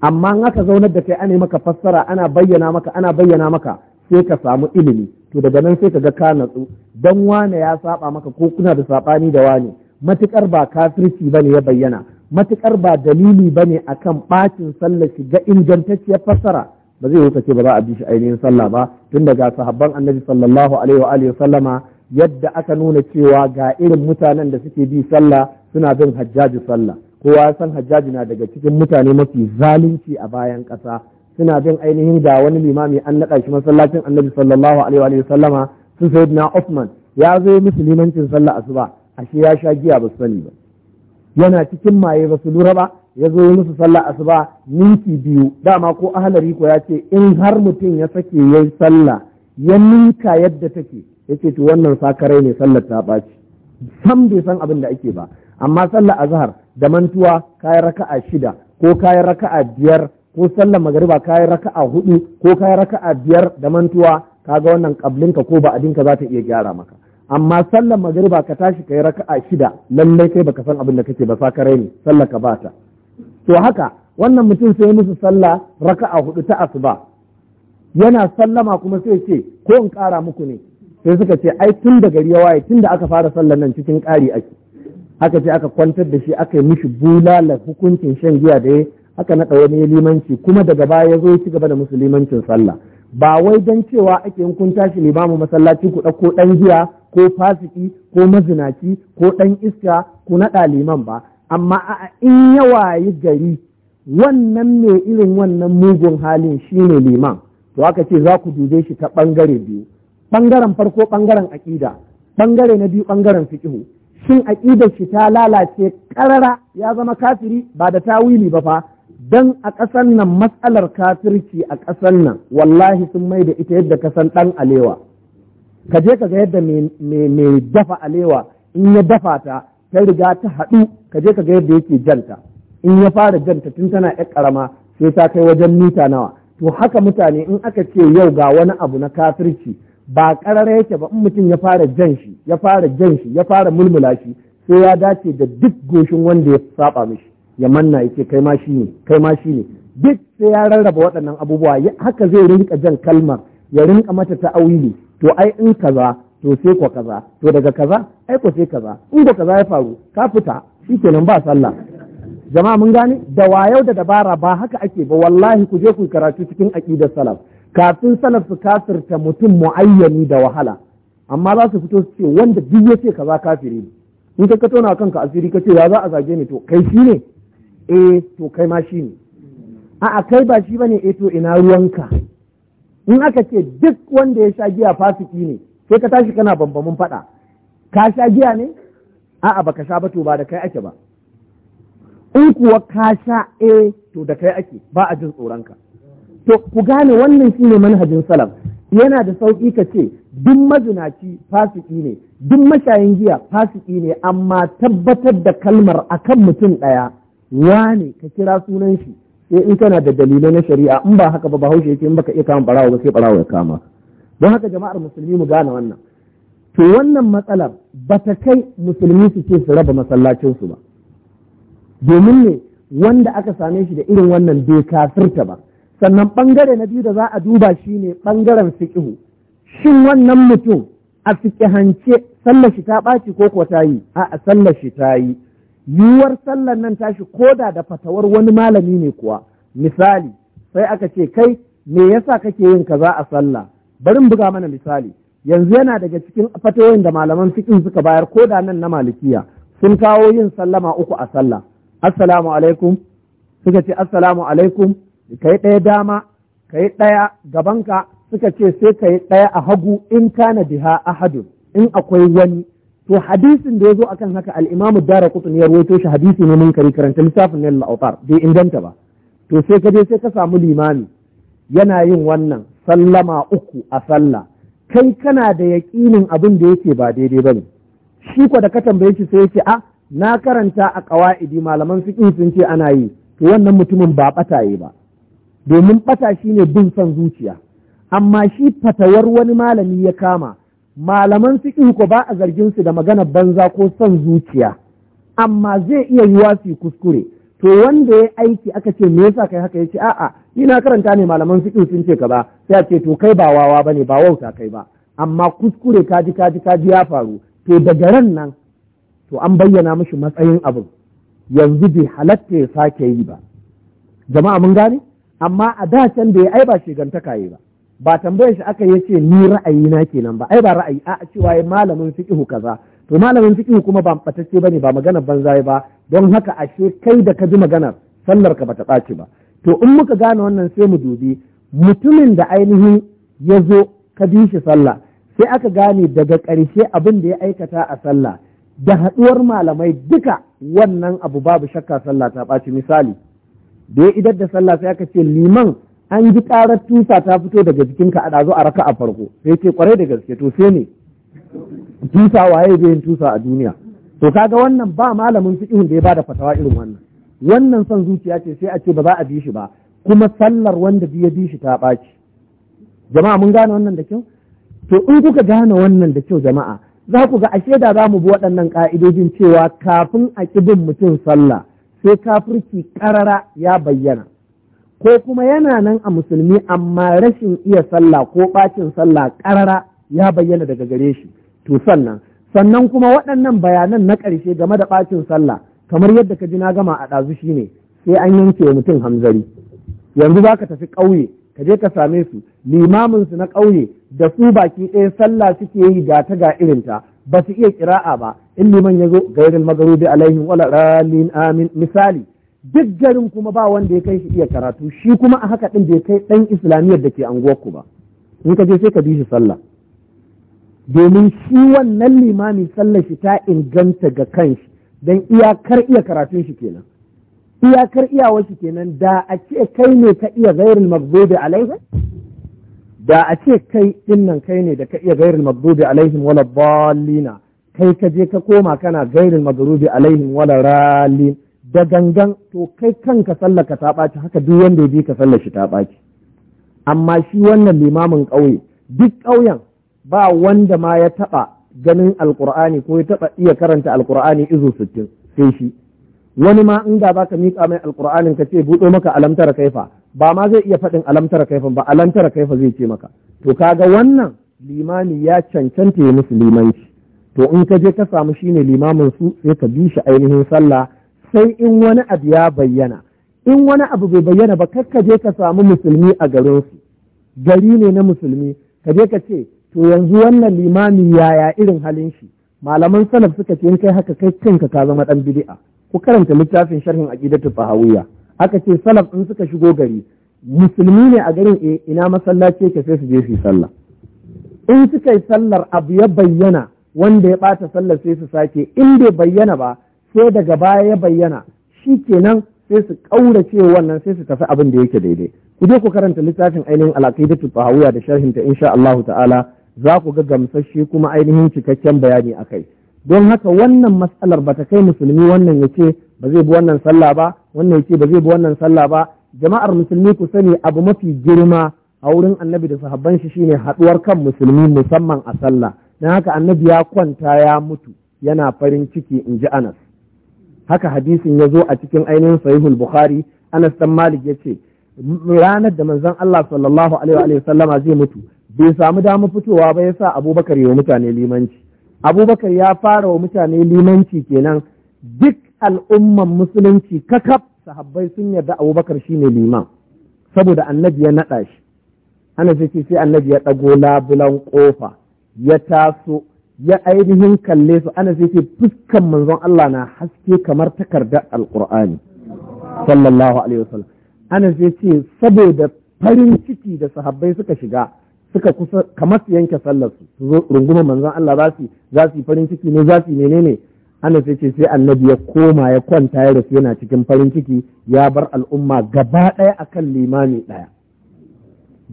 amma in aka zaunar da kai ana maka fassara ana bayyana maka ana bayyana maka sai ka samu ilimi to daga nan sai ka ga ka natsu dan wane ya saba maka ko kuna da saɓani da wane matukar ba kafirci bane ya bayyana matukar ba dalili bane akan bacin sallar shiga ingantacciyar fassara ba zai wuce ce ba za a bi shi ainihin sallah ba tun daga sahabban annabi sallallahu alaihi wa alihi sallama yadda aka nuna cewa ga irin mutanen da suke bi sallah suna bin hajjaji sallah kowa ya san hajjaji na daga cikin mutane mafi zalunci a bayan ƙasa suna bin ainihin da wani limami an naɗa shi masallacin annabi sallallahu alaihi wa alihi sallama su sayyidina Uthman ya zo musu limancin sallah asuba ashe ya sha giya ba sani ba yana cikin maye ba su lura ba ya zo yi musu sallah asuba minti biyu dama ko ahalari ko ya ce in har mutum ya sake yi sallah ya ninka yadda take Ya ce to wannan sakarai ne sallar ta ɓaci sam bai san abin da ake ba amma sallar azhar da mantuwa kayan raka'a shida ko kayan raka'a biyar ko sallar magariba kayan raka'a hudu ko kayan raka'a biyar da mantuwa kaga wannan kablinka ko ba abinka za ta iya gyara maka amma sallar magariba ka tashi kai raka'a shida lallai kai baka san abin da kake ba sakarai ne sallar ka ba ta. to haka wannan mutum sai musu sallah raka a hudu ta asuba yana sallama kuma sai ce ko in kara muku ne sai suka ce ai tun da gari ya waye tun da aka fara sallar nan cikin kari ake haka ce aka kwantar da shi aka yi mishi bulala hukuncin shan giya da ya aka naɗa wani limanci kuma daga baya ya zo ya ci gaba da musu sallah ba wai don cewa ake yin kun tashi limamu masallaci ku ɗauko ɗan giya ko fasiki ko mazinaci ko ɗan iska ku naɗa liman ba amma in ya wayi gari wannan mai irin wannan mugun halin shine liman to aka ce za ku dube shi ta ɓangare biyu ɓangaren farko ɓangaren aƙida ɓangare na biyu ɓangaren fiƙihu shin aƙidar shi ta lalace ƙarara ya zama kafiri ba da tawili ba fa dan a ƙasar nan matsalar kafirci a ƙasar nan wallahi sun mai da ita yadda kasan ɗan alewa ka je ka ga yadda mai dafa alewa in ya dafa ta ta riga ta haɗu ka je ka ga yadda yake janta in ya fara janta tun tana yar karama sai ta kai wajen mita nawa to haka mutane in aka ce yau ga wani abu na kafirci ba karara yake ba in mutum ya fara jan shi ya fara jan shi ya fara mulmula shi sai ya dace da duk goshin wanda ya saɓa mishi ya manna yake kai ma shi ne kai ma shi ne duk sai ya rarraba waɗannan abubuwa haka zai rinka jan kalmar ya rinka mata ta'awili to ai in kaza to sai kaza to daga kaza ai ku sai kaza in ko kaza ya faru ka fita shikenan ba sallah jama'a mun gane da wayau da dabara ba haka ake ba wallahi ku je ku karatu cikin aqidar salaf kafin salaf su kafirta mutum muayyani da wahala amma za su fito su ce wanda duk ya ce kaza kafiri ne in ka tona kanka asiri ka ce ya za a zage ni to kai shi ne eh to kai ma shi ne a'a kai ba shi bane eh to ina ruwanka in aka ce duk wanda ya sha giya fasiki ne sai ka tashi kana bambamin faɗa ka sha giya ne a'a baka sha ba to ba da kai ake ba in kuwa ka sha eh to da kai ake ba a jin tsoronka to ku gane wannan shine manhajin salaf yana da sauki ka ce duk mazinaci fasiki ne duk mashayin giya fasiki ne amma tabbatar da kalmar akan mutum ɗaya wane ka kira sunan shi sai in kana da dalilai na shari'a in ba haka ba bahaushe yake in baka iya kama barawo ba sai barawo ya kama don haka jama'ar musulmi mu gane wannan to wannan matsalar ba ta kai musulmi su ce su raba masallacinsu ba domin ne wanda aka same shi da irin wannan bai kafirta ba sannan bangare na biyu da za a duba shi ne bangaren fiƙihu shin wannan mutum a fiƙihance sallar shi ta ɓaci ko kuwa ta yi a sallar shi ta yi yiwuwar sallar nan tashi koda da fatawar wani malami ne kuwa misali sai aka ce kai me yasa kake yin kaza a sallah bari buga mana misali yanzu yana daga cikin fatoyin da malaman fiqh suka bayar ko da nan na malikiya sun kawo yin sallama uku a sallah assalamu alaikum suka ce assalamu alaikum kai ɗaya dama kai ɗaya gabanka suka ce sai kai ɗaya a hagu in kana biha ahadun in akwai wani to hadisin da ya zo akan haka al-Imam Daraqutni ya rawaito shi hadisi ne mun kari karanta littafin al-Awtar bai inganta ba to sai ka je sai ka samu limami yana yin wannan sallama uku a sallah kai kana da yaƙinin abin da yake ba daidai ba ne shi ko da ka tambaye shi sai yake a na karanta a ƙawa'idi malaman fiƙi sun ce ana yi to wannan mutumin ba yi ba domin ɓata shine bin son zuciya amma shi fatawar wani malami ya kama malaman fiƙi ko ba a zargin su da magana banza ko son zuciya amma zai iya yiwa su kuskure to wanda ya aiki aka ce me yasa kai haka ya yace a'a ni na karanta ne malaman fiqh sun ce kaza sai a ce to kai ba wawa ba ne ba wauta kai ba amma kuskure kaji kaji kaji ya faru to daga ran nan to an bayyana mishi matsayin abin yanzu bai halatta ya sake yi ba jama'a mun gane amma a da can da ya ai ba shigantaka yi ba ba tambayar shi aka yace ni ra'ayi na kenan ba ai ba ra'ayi a cewa ya malamin fiqh kaza to malamin fiqh kuma ba batacce bane ba magana banza ba don haka ashe kai da ka ji maganar sallar ka bata tsaki ba to in muka gane wannan sai mu dubi mutumin da ainihin ya zo ka bi shi sallah sai aka gane daga ƙarshe abin da ya aikata a sallah da haɗuwar malamai duka wannan abu babu shakka sallah ta ɓaci misali da ya idar da sallah sai aka ce liman an ji ƙarar tusa ta fito daga jikinka a ɗazu a raka a farko sai ce kwarai da gaske to sai ne tusa waye zai yin tusa a duniya to kaga wannan ba malamin fiƙihun da ya bada fatawa irin wannan wannan son zuciya ce sai a ce ba za a bi shi ba kuma sallar wanda biya bi shi ta ɓaci jama'a mun gane wannan da kyau to in kuka gane wannan da kyau jama'a za ku ga ashe da za mu bi waɗannan ƙa'idojin cewa kafin a ƙibin mutum sallah sai kafirci ƙarara ya bayyana ko kuma yana nan a musulmi amma rashin iya sallah ko ɓacin sallah ƙarara ya bayyana daga gare shi to sannan sannan kuma waɗannan bayanan na ƙarshe game da ɓacin sallah kamar yadda ka ji na gama a ɗazu shi ne sai an yanke mutum hanzari yanzu za ka tafi ƙauye ka je ka same su Limaminsu na ƙauye da su baki ɗaya sallah suke yi ga ta ga irinta ba su iya kira'a ba in liman ya zo gairin magarubi alaihim wala ralin amin misali duk garin kuma ba wanda ya kai shi iya karatu shi kuma a haka ɗin bai kai ɗan islamiyyar da ke anguwarku ba in ka je sai ka bi shi sallah domin shi wannan limami sallar shi ta inganta ga kanshi don iyakar iya karatun shi kenan iyakar iyawar shi kenan da a ce kai ne ka iya gairin a laifin? da a ce kai din nan kai ne da ka iya gairin a laifin wala ballina kai ka je ka koma kana gairin a laifin wala ralin da gangan to kai kanka sallaka ta ɓaci haka duk wanda ya bi ka sallar shi ta ɓaci amma shi wannan limamin ƙauye duk ƙauyen ba wanda ma ya taɓa ganin alkur'ani ko ya taba iya karanta alkur'ani izo sittin sai shi wani ma in da ka miƙa mai alkur'anin ka ce buɗo maka alamtar kaifa ba ma zai iya faɗin alamtar kaifa ba alamtar kaifa zai ce maka to kaga wannan limami ya cancanta ya musu limanci to in ka je ka samu shi ne limamin su sai ka bi shi ainihin sallah sai in wani abu ya bayyana in wani abu bai bayyana ba kakka je ka samu musulmi a garin su gari ne na musulmi ka je ka ce to yanzu wannan limami yaya irin halin shi malaman salaf suka ce in kai haka kai kanka ka zama dan bid'a ku karanta littafin sharhin aqidatu fahawiyya Haka ce salaf in suka shigo gari musulmi ne a garin e ina masallaci ke sai su je su sallah in suka yi sallar abu ya bayyana wanda ya ɓata sallar sai su sake in bai bayyana ba sai daga baya ya bayyana shi kenan sai su ƙaurace wannan sai su tafi abin da yake daidai ku je ku karanta littafin ainihin alaƙidatu fahawiyya da sharhin ta insha Allah ta'ala za ku ga gamsasshe kuma ainihin cikakken bayani a kai don haka wannan matsalar ba ta kai musulmi wannan ya ce ba zai bi wannan sallah ba wannan ya ce ba zai bi wannan sallah ba jama'ar musulmi ku sani abu mafi girma a wurin annabi da sahabban shi ne haɗuwar kan musulmi musamman a sallah don haka annabi ya kwanta ya mutu yana farin ciki in ji anas haka hadisin ya zo a cikin ainihin sahihul bukhari anas dan malik ya ce ranar da manzon allah sallallahu alaihi wa sallama zai mutu bai samu damu fitowa ba yasa abubakar yi wa mutane limanci abubakar ya fara wa mutane limanci kenan duk al'umman musulunci kakaf sahabbai sun yarda abubakar shine liman saboda annabi ya naɗa shi ana sai sai annabi ya ɗago labulan ƙofa ya taso ya ainihin kalle su ana sai sai fuskan manzon Allah na haske kamar takardar alƙur'ani sallallahu alaihi ana sai ce saboda farin ciki da sahabbai suka shiga suka kusa kamar su yanke sallar su zo runguma manzon Allah za su za su farin ciki ne za su menene sai ce sai annabi ya koma ya kwanta ya rasu yana cikin farin ciki ya bar al'umma gaba ɗaya akan limami ɗaya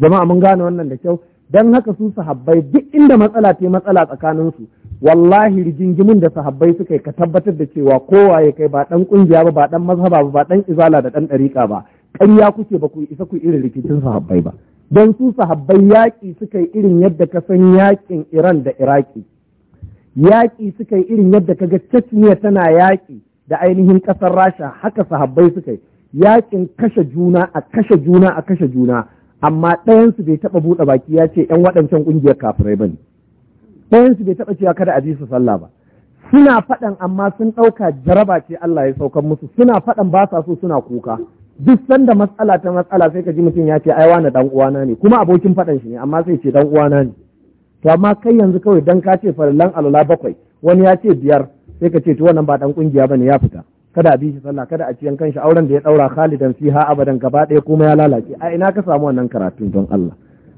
jama'a mun gane wannan da kyau dan haka su sahabbai duk inda matsala ta matsala tsakanin su wallahi rigingimin da sahabbai suka yi ka tabbatar da cewa kowa ya kai ba dan kungiya ba ba dan mazhaba ba ba dan izala da dan dariƙa ba ƙarya kuke ba ku isa ku irin rikicin sahabbai ba don su sahabbai yaƙi suka yi irin yadda ka san yaƙin Iran da Iraki yaƙi suka yi irin yadda ka ga Chechnya tana yaƙi da ainihin ƙasar Rasha haka sahabbai suka yi yaƙin kashe juna a kashe juna a kashe juna amma ɗayansu bai taɓa buɗe baki ya ce ‘yan waɗancan ƙungiyar kafirai ba ne ɗayansu bai taɓa cewa kada a ji su sallah ba suna faɗan amma sun ɗauka jaraba ce Allah ya saukan musu suna faɗan ba sa so suna kuka duk sanda matsala ta matsala sai ka ji mutum ya ce aiwa na dan uwana ne kuma abokin faɗan shi ne amma sai ce dan uwana ne to amma kai yanzu kawai dan ka ce farallan alula bakwai wani ya ce biyar sai ka ce to wannan ba dan kungiya bane ya fita kada a bi shi sallah kada a ci yankan shi auren da ya daura khalidan fiha abadan gaba ɗaya kuma ya lalace a ina ka samu wannan karatun don Allah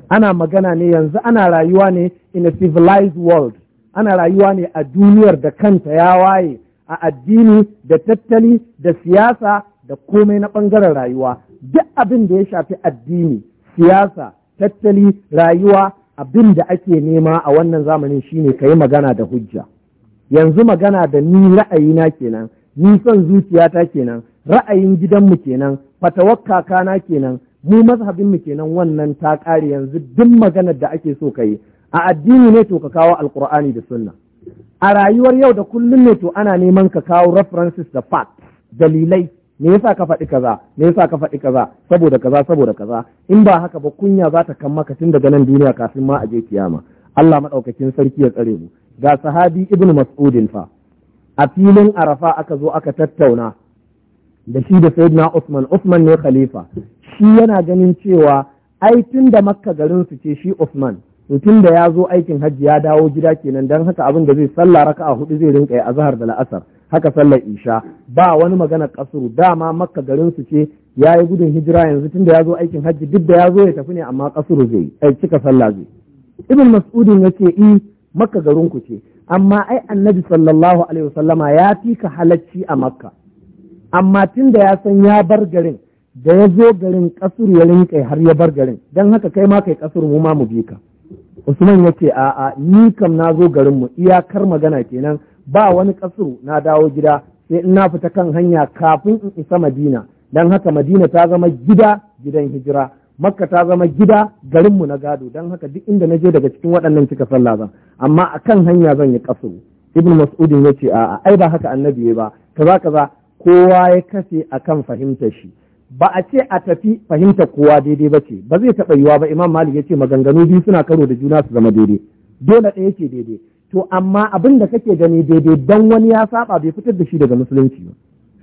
ana magana ne yanzu ana rayuwa ne in a civilized world ana rayuwa ne a duniyar da kanta ya waye a addini da tattali da siyasa da komai na ɓangaren rayuwa duk abin da ya shafi addini siyasa tattali rayuwa abin da ake nema a wannan zamanin shine ka yi magana da hujja yanzu magana da ni ra'ayina kenan ni son zuciyata kenan ra'ayin gidanmu kenan fatawar kakana kenan mu mazhabinmu kenan wannan ta ƙare yanzu duk maganar da ake so ka yi a addini ne to ka kawo alkur'ani da sunna a rayuwar yau da kullum ne to ana neman ka kawo references da facts dalilai me yasa ka faɗi kaza me yasa ka faɗi kaza saboda kaza saboda kaza in ba haka ba kunya za ta kan maka tun daga nan duniya kafin ma a je kiyama Allah madaukakin sarki ya tsare mu ga sahabi ibnu mas'udin fa a filin arafa aka zo aka tattauna da shi da sayyidina usman usman ne khalifa shi yana ganin cewa ai tun da makka garin su ce shi usman tun da ya zo aikin hajji ya dawo gida kenan dan haka abin da zai sallah raka'a hudu zai rinka yi azhar da la'asar haka sallar isha ba wani magana kasuru dama makka garin su ce ya yi gudun hijira yanzu tun da ya zo aikin hajji duk da ya zo ya tafi ne amma kasuru zai ai cika sallah zai ibn mas'udin yace i eh, makka garin ku ce amma ai annabi sallallahu alaihi wasallama ya tika ka halacci a makka amma tun da ya san ya bar garin da ya zo garin kasuru ya rinka har ya bar garin dan haka kai ma kai kasuru mu ma mu bi ka Usman ya ce a'a ni kam na zo garinmu iyakar magana kenan ba wani kasuru na dawo gida sai in na fita kan hanya kafin in isa madina don haka madina ta zama gida gidan hijira makka ta zama gida garinmu na gado don haka duk inda na je daga cikin waɗannan cika sallah zan amma a kan hanya zan yi kasuru ibn mas'udin ya ce a ai ba haka annabi ba kaza kaza kowa ya a akan fahimtar shi ba a ce a tafi fahimta kowa daidai ba ce ba zai taɓa yiwuwa ba imam malik ya ce maganganu biyu suna karo da juna su zama daidai dole ɗaya ce daidai to amma abin da kake gani daidai dan wani ya saba bai fitar da shi daga musulunci ba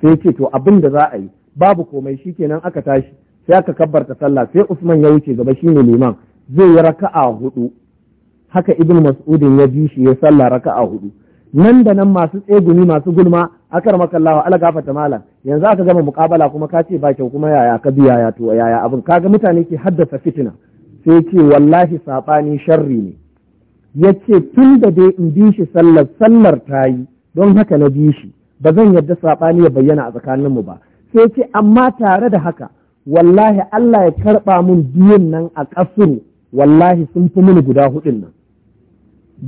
sai ce to abin da za a yi babu komai shi kenan aka tashi sai aka kabbarta sallah sai Usman ya wuce gaba shine liman zai yi raka'a hudu haka Ibn Mas'udin ya bi shi ya sallah raka'a hudu nan da nan masu tsegumi masu gulma akar makallawa ala gafata malam yanzu aka gama mukabala kuma ka ce ba kyau kuma yaya ka biya ya to yaya abin kaga mutane ke haddasa fitina sai ce wallahi sabani sharri ne ya ce tun da dai in bi shi sallar sallar ta yi don haka na bi shi ba zan yadda saɓani ya bayyana a tsakaninmu ba sai ce amma tare da haka wallahi Allah ya karɓa mun biyun nan a ƙasuru wallahi sun fi mini guda hudun nan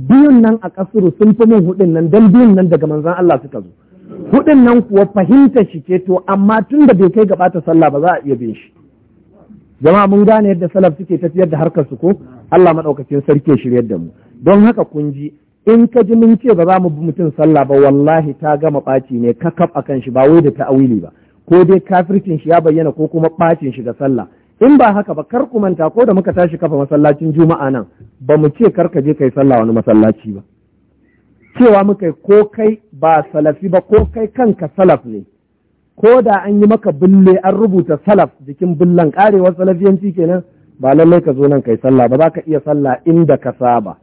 biyun nan a ƙasuru sun fi min hudun nan don biyun nan daga manzan Allah suka zo hudun nan kuwa fahimta shi ce to amma tun da bai kai gabata sallah ba za a iya bin shi jama'a mun gane yadda salaf suke tafiyar da harkar su ko Allah madaukakin sarki ya shiryar da mu don haka kun ji in ka ji mun ce ba za mu bi mutum sallah ba wallahi ta gama ɓaci ne ka kaf akan shi ba wai da ta'awili ba ko dai kafircin shi ya bayyana ko kuma ɓacin shi ga sallah in ba haka ba kar ku manta ko da muka tashi kafa masallacin juma'a nan ba mu ce kar ka je kai sallah wani masallaci ba cewa muka ko kai ba salafi ba ko kai kanka salaf ne ko da an yi maka bulle an rubuta salaf jikin bullan, karewar salafiyanci kenan ba lallai ka zo nan kai sallah ba za ka iya sallah inda ka saba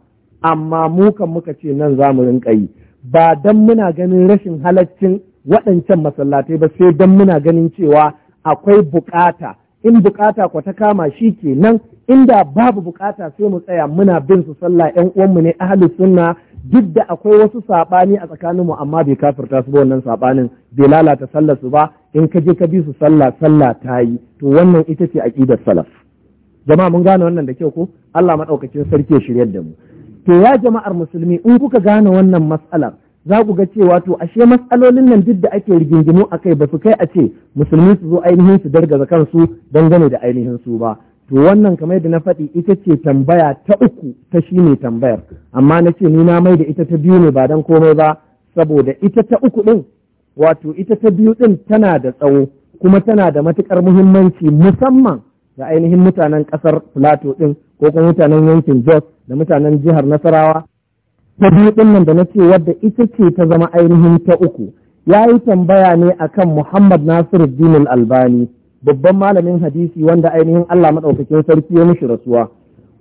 amma mu kan muka ce nan za mu rinka yi ba dan muna ganin rashin halaccin waɗancan masallatai ba sai dan muna ganin cewa akwai bukata in bukata ko ta kama shi ke nan inda babu bukata sai mu tsaya muna bin su sallah ƴan uwanmu ne ahlus sunna duk da akwai wasu saɓani a tsakaninmu amma bai kafirta su ba wannan saɓanin bai lalata sallar su ba in ka je ka bi su sallah sallah ta yi to wannan ita ce aqidar salaf jama'a mun gane wannan da kyau ko Allah madaukakin sarki ya shiryar da mu to ya jama'ar musulmi in kuka gane wannan matsalar za ku ga cewa to ashe matsalolin nan duk da ake rigingimu a kai ba su kai a ce musulmi su zo ainihin su dargaza kansu dangane da ainihin su ba to wannan kamar da na faɗi ita ce tambaya ta uku ta shi ne tambayar amma na ce ni na mai da ita ta biyu ne ba dan komai ba saboda ita ta uku ɗin wato ita ta biyu ɗin tana da tsawo kuma tana da matukar muhimmanci musamman ga ainihin mutanen ƙasar Plateau ɗin ko kuma mutanen yankin Jos da mutanen jihar Nasarawa ta biyu ɗin nan da na ce wadda ita ce ta zama ainihin ta uku ya yi tambaya ne a kan Muhammad Nasiru dinul albani babban malamin hadisi wanda ainihin Allah maɗaukakin sarki ya mishi rasuwa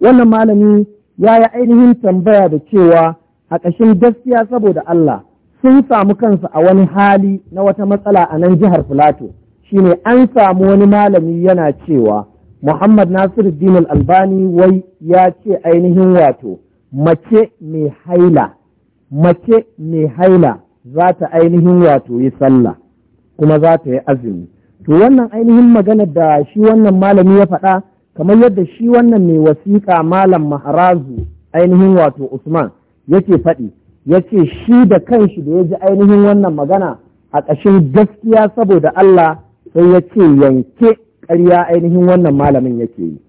wannan malami ya yi ainihin tambaya da cewa a ƙashin gaskiya saboda Allah sun samu kansa a wani hali na wata matsala a nan jihar Filato shi ne an samu wani malami yana cewa Muhammad Nasiru Dinul Albani wai ya ce ainihin wato mace mai haila mace mai haila za ta ainihin wato yi sallah kuma za ta yi azumi to wannan ainihin magana da shi wannan malami ya faɗa kamar yadda shi wannan mai wasiƙa malam maharazu ainihin wato usman yake faɗi ya shi da kanshi da ya ji ainihin wannan magana a ƙashin gaskiya saboda allah sai ya ce yanke ƙarya ainihin wannan malamin yake yi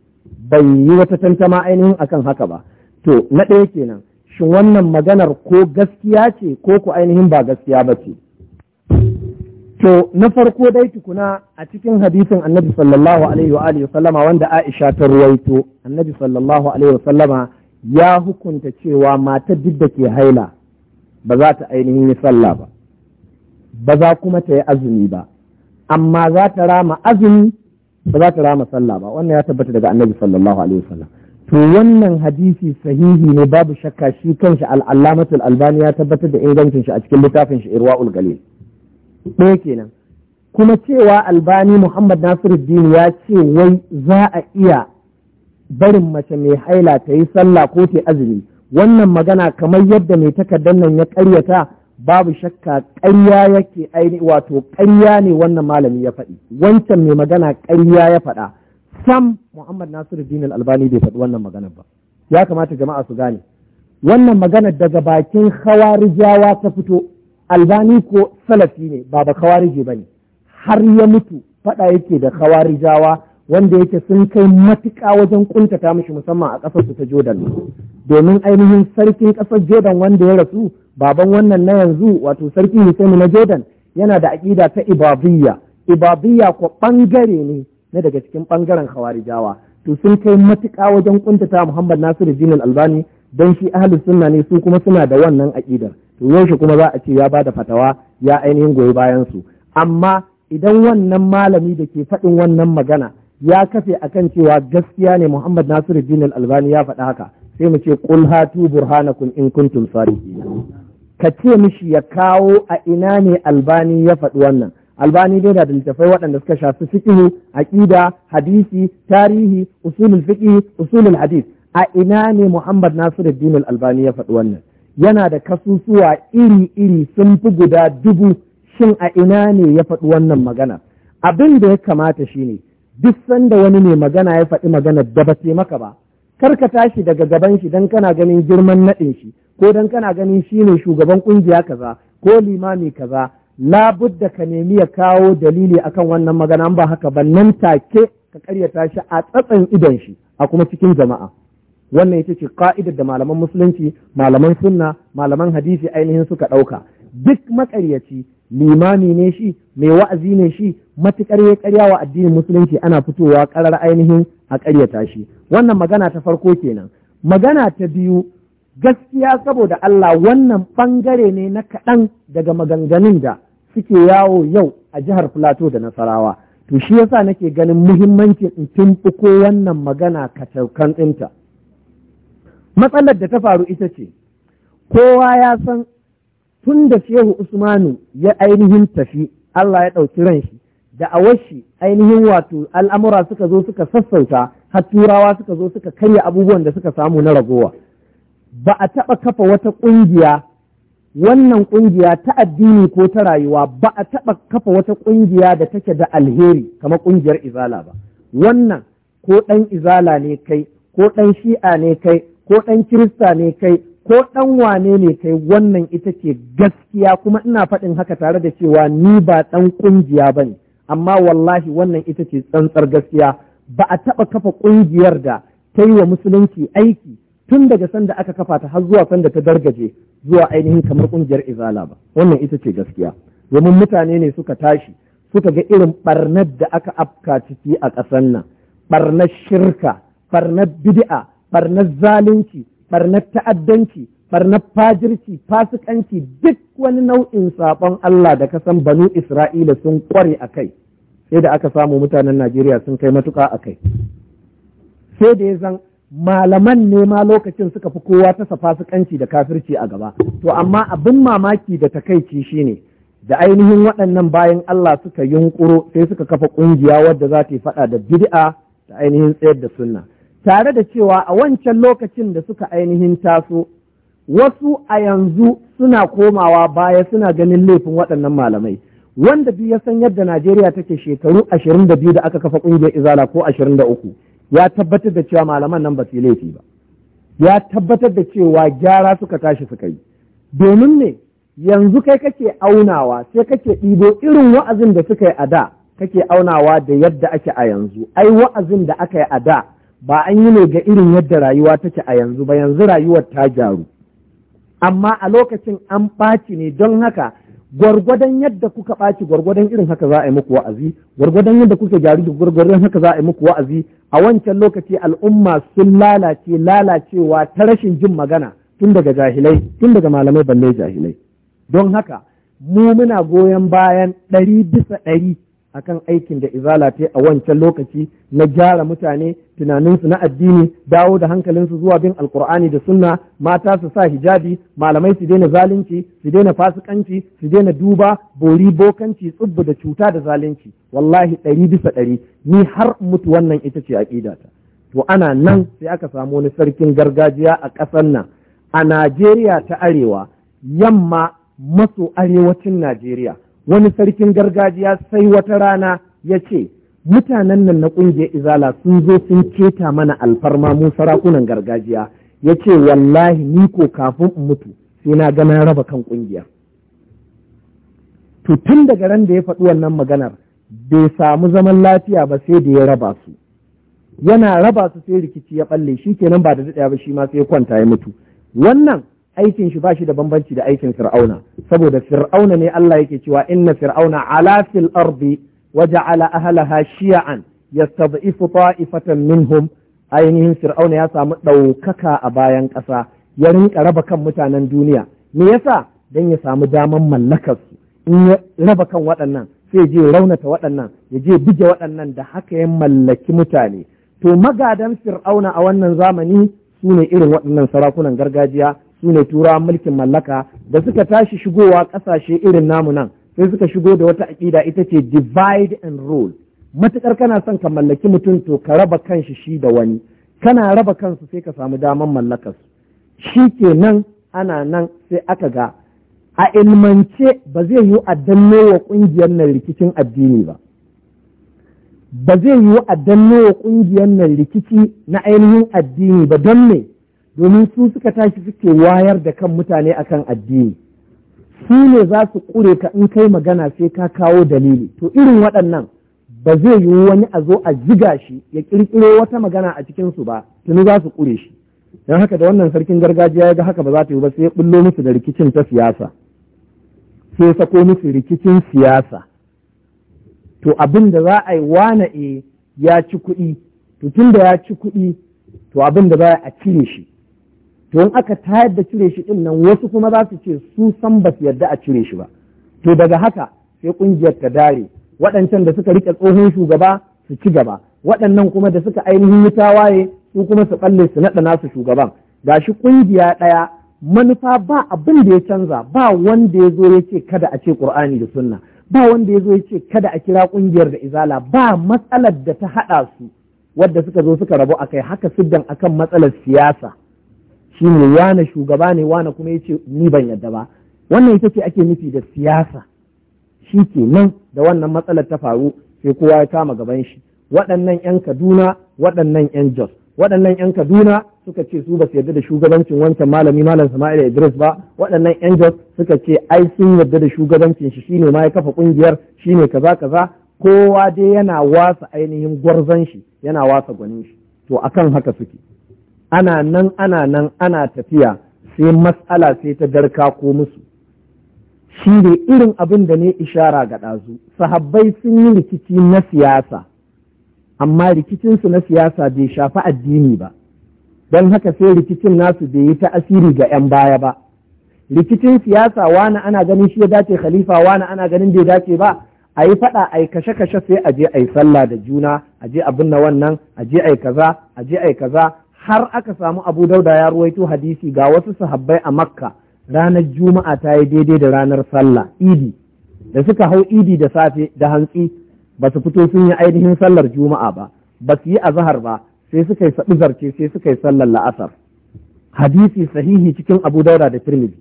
bai yi wata tantama ainihin akan haka ba to na ɗaya kenan shin wannan maganar ko gaskiya ce ko ku ainihin ba gaskiya ba ce to na farko dai tukuna a cikin hadisin annabi sallallahu alaihi wa alihi sallama wanda Aisha ta ruwaito annabi sallallahu alaihi wa ya hukunta cewa matar duk da ke haila ba za ta ainihin yi sallah ba ba za kuma ta yi azumi ba amma za ta rama azumi ba za ta rama sallah ba wannan ya tabbata daga annabi sallallahu alaihi wasallam to wannan hadisi sahihi ne babu shakka shi kanshi al-allamatul albani ya tabbatar da ingancin shi a cikin littafin shi irwaul galil ɗaya kenan kuma cewa albani muhammad nasiruddin ya ce wai za a iya barin mace mai haila ta yi sallah ko ta azumi wannan magana kamar yadda mai takardar nan ya karyata babu shakka ƙarya yake aini wato ƙarya ne wannan malami ya faɗi wancan mai magana ƙarya ya faɗa sam Muhammad Nasiru Dinar Albani bai faɗi wannan maganar ba ya kamata jama'a su gane wannan maganar daga bakin khawarijawa ta fito Albani ko salafi ne ba ba khawarije bane har ya mutu faɗa yake da khawarijawa wanda yake sun kai matuƙa wajen kuntata mashi musamman a ƙasarsu ta Jordan domin ainihin sarkin ƙasar Jordan wanda ya rasu baban wannan na yanzu wato sarki Hussein na Jordan yana da aƙida ta ibabiyya Ibadiyya ko bangare ne na daga cikin bangaren khawarijawa to sun kai matuƙa wajen kuntata Muhammad Nasiru Jinin Albani dan shi ahlus sunna ne su kuma suna da wannan aƙidar to yaushe kuma za a ce ya bada fatawa ya ainihin goyi bayan su amma idan wannan malami da ke faɗin wannan magana ya kafe akan cewa gaskiya ne Muhammad Nasiru al Albani ya faɗa haka sai mu ce qul hatu burhanakum in kuntum sadiqin ka ce mishi ya kawo a ina ne Albani ya faɗi wannan albani dai da littattafai waɗanda suka shafi fiqh aƙida, hadisi tarihi usulul fiqh usulul hadis a ina ne Muhammad Nasiruddin albani ya faɗi wannan yana da kasusuwa iri iri sun fi guda dubu shin a ina ne ya faɗi wannan magana abin da ya kamata shine duk sanda wani mai magana ya faɗi magana da ba sai maka ba kar ka tashi daga gaban shi dan kana ganin girman naɗin shi ko dan kana ganin shi ne shugaban ƙungiya kaza ko limami kaza labudda ka nemi ya kawo dalili akan wannan magana ba haka ba nan take ka karyata shi a tsatsan idon shi a kuma cikin jama'a wannan ita ce ka'idar da malaman musulunci malaman sunna malaman hadisi ainihin suka ɗauka duk makaryaci limami ne shi mai wa'azi ne shi matukar ya karya wa addinin musulunci ana fitowa karar ainihin a karyata shi wannan magana ta farko kenan magana ta biyu gaskiya saboda Allah wannan ɓangare ne na kaɗan daga maganganun da suke yawo yau a jihar Filato da Nasarawa to shi yasa nake ganin muhimmancin in tumfuko wannan magana kataukan ɗinta matsalar da ta faru ita ce kowa ya san tun da shehu usmanu ya ainihin tafi Allah ya ɗauki ran shi da a washi ainihin wato al'amura suka zo suka sassauta har turawa suka zo suka karya abubuwan da suka samu na ragowa ba a taɓa kafa wata ƙungiya wannan ƙungiya ta addini ko ta rayuwa ba a taɓa kafa wata ƙungiya da take da alheri kamar ƙungiyar izala ba wannan ko ɗan izala ne kai ko ɗan shi'a ne kai ko ɗan kirista ne kai ko ɗan wane ne kai wannan ita ce gaskiya kuma ina faɗin haka tare da cewa ni ba ɗan ƙungiya ba ne amma wallahi wannan ita ce tsantsar gaskiya ba a taɓa kafa ƙungiyar da ta yi wa musulunci aiki tun daga sanda aka kafa ta har zuwa sanda ta dargaje zuwa ainihin kamar ƙungiyar izala ba wannan ita ce gaskiya domin mutane ne suka tashi suka ga irin ɓarnar da aka afka ciki a ƙasar nan ɓarnar shirka ɓarnar bid'a ɓarnar zalunci barnar ta'addanci barnar fajirci fasikanci duk wani nau'in saɓon Allah da ka san banu Isra'ila sun kware a kai sai da aka samu mutanen Najeriya sun kai matuƙa a kai sai da ya zan malaman ne ma lokacin suka fi kowa ta fasikanci da kafirci a gaba to amma abin mamaki da takaici shine da ainihin waɗannan bayan Allah suka yunƙuro sai suka kafa ƙungiya wadda za ta yi faɗa da bid'a da ainihin tsayar da sunna tare da cewa a wancan lokacin da suka ainihin taso wasu a yanzu suna komawa baya suna ganin laifin waɗannan malamai wanda biyu ya san yadda Najeriya take shekaru ashirin da biyu da aka kafa ƙungiyar Izala ko ashirin da uku ya tabbatar da cewa malaman nan ba su laifi ba ya tabbatar da cewa gyara suka tashi suka yi domin ne yanzu kai kake aunawa sai kake ɗibo irin wa'azin da suka yi a da kake aunawa da yadda ake a yanzu ai wa'azin da aka yi a da ba an yi ne ga irin yadda rayuwa take a yanzu ba yanzu rayuwar ta jaru. amma a lokacin an ɓaci ne don haka gwargwadon yadda kuka ɓaci gwargwadon irin haka za a yi muku wa'azi gwargwadon yadda kuka gyaru da gwargwadon haka za a yi muku wa'azi a wancan lokaci al'umma sun lalace lalacewa ta rashin jin magana tun daga jahilai tun daga malamai balle jahilai don haka mu muna goyon bayan ɗari bisa ɗari akan aikin da izala ta a wancan lokaci na gyara mutane tunaninsu na addini dawo da hankalinsu zuwa bin alkur'ani da sunna mata su sa hijabi malamai su daina zalunci su daina fasikanci su daina duba bori bokanci tsubbu da cuta da zalunci wallahi ɗari bisa ɗari ni har mutu wannan ita ce aƙidata to ana nan sai aka samu wani sarkin gargajiya a ƙasar nan a najeriya ta arewa yamma maso arewacin najeriya wani sarkin gargajiya sai wata rana ya ce mutanen nan na ƙungiyar izala sun zo sun keta mana alfarma mu sarakunan gargajiya ya ce wallahi ni ko kafin in mutu sai na gana raba kan ƙungiya. to tun daga ran da ya faɗi wannan maganar bai samu zaman lafiya ba sai da ya raba su yana raba su sai rikici ya ɓalle shi kenan ba da daɗaya ba shi ma sai ya kwanta ya mutu wannan aikin shi bashi da bambanci da aikin fir'auna saboda fir'auna ne Allah yake cewa inna fir'auna ala fil ardi waja'ala ahlaha shi'an yastad'ifu ta'ifatan minhum ainihin fir'auna ya samu ɗaukaka a bayan ƙasa ya rinka raba kan mutanen duniya me yasa dan ya samu daman mallakar su in ya raba kan waɗannan sai je raunata waɗannan ya je buge waɗannan da haka ya mallaki mutane to magadan fir'auna a wannan zamani su ne irin waɗannan sarakunan gargajiya su ne turawan mulkin mallaka da suka tashi shigowa kasashe irin namu nan sai suka shigo da wata aƙida ita ce divide and rule matuƙar kana son ka mallaki mutum to ka raba kanshi shi da wani kana raba kansu sai ka samu daman mallakarsu shi ke nan ana nan sai aka ga a ilmance ba zai yiwu a danne wa ƙungiyar nan rikicin addini ba ba zai yiwu a danne wa ƙungiyar nan rikici na ainihin addini ba don me domin su suka tashi suke wayar da kan mutane akan addini su ne za su ƙure ka in kai magana sai ka kawo dalili to irin waɗannan ba zai yiwu wani a zo a ziga shi ya ƙirƙiro wata magana a cikinsu ba tuni za su ƙure shi don haka da wannan sarkin gargajiya ya ga haka ba za ta yi ba sai ya ɓullo musu da rikicin ta siyasa sai sako musu rikicin siyasa to abin da za a yi wane e ya ci kuɗi to tun da ya ci kuɗi to abin da za a cire shi to in aka tayar da cire shi din nan wasu kuma za su ce su san ba su yarda a cire shi ba to daga haka sai kungiyar ta dare waɗancan da suka rike tsohon shugaba su ci gaba waɗannan kuma da suka ainihin yi tawaye su kuma su balle su naɗa nasu shugaban Ga shi kungiya ɗaya manufa ba abin da ya canza ba wanda ya zo ya ce kada a ce ƙur'ani da sunna ba wanda ya zo ya ce kada a kira ƙungiyar da izala ba matsalar da ta haɗa su wadda suka zo suka rabu akai haka siddan akan matsalar siyasa ne wane shugaba ne wane kuma ya ce ni ban yadda ba wannan ita ce ake nufi da siyasa shi ke nan da wannan matsalar ta faru sai kowa ya kama gaban shi waɗannan 'yan kaduna waɗannan 'yan jos waɗannan 'yan kaduna suka ce su ba su yarda da shugabancin wancan malami malam sama'ila idris ba waɗannan 'yan jos suka ce ai sun yarda da shugabancin shi shine ma ya kafa ƙungiyar shine kaza kaza kowa dai yana wasa ainihin gwarzon shi yana wasa gwanin shi to akan haka suke ana nan ana nan ana tafiya sai matsala sai ta garka ko musu shi ne irin abin da ne ishara ga ɗazu sahabbai sun yi rikici na siyasa amma rikicinsu na siyasa bai shafi addini ba don haka sai rikicin nasu bai yi ta asiri ga 'yan baya ba rikicin siyasa wani ana ganin shi ya dace khalifa wani ana ganin bai dace ba a yi faɗa a yi kashe-kashe sai a je a yi sallah da juna a je abin na wannan a je a yi kaza a je a yi kaza har aka samu abu dauda ya ruwaito hadisi ga wasu sahabbai a makka ranar juma'a ta yi daidai da ranar sallah idi da suka hau idi da safe da hantsi ba su fito sun yi ainihin sallar juma'a ba ba su yi azahar ba sai suka yi saɓi zarce sai suka yi sallar la'asar hadisi sahihi cikin abu dauda da tirmidhi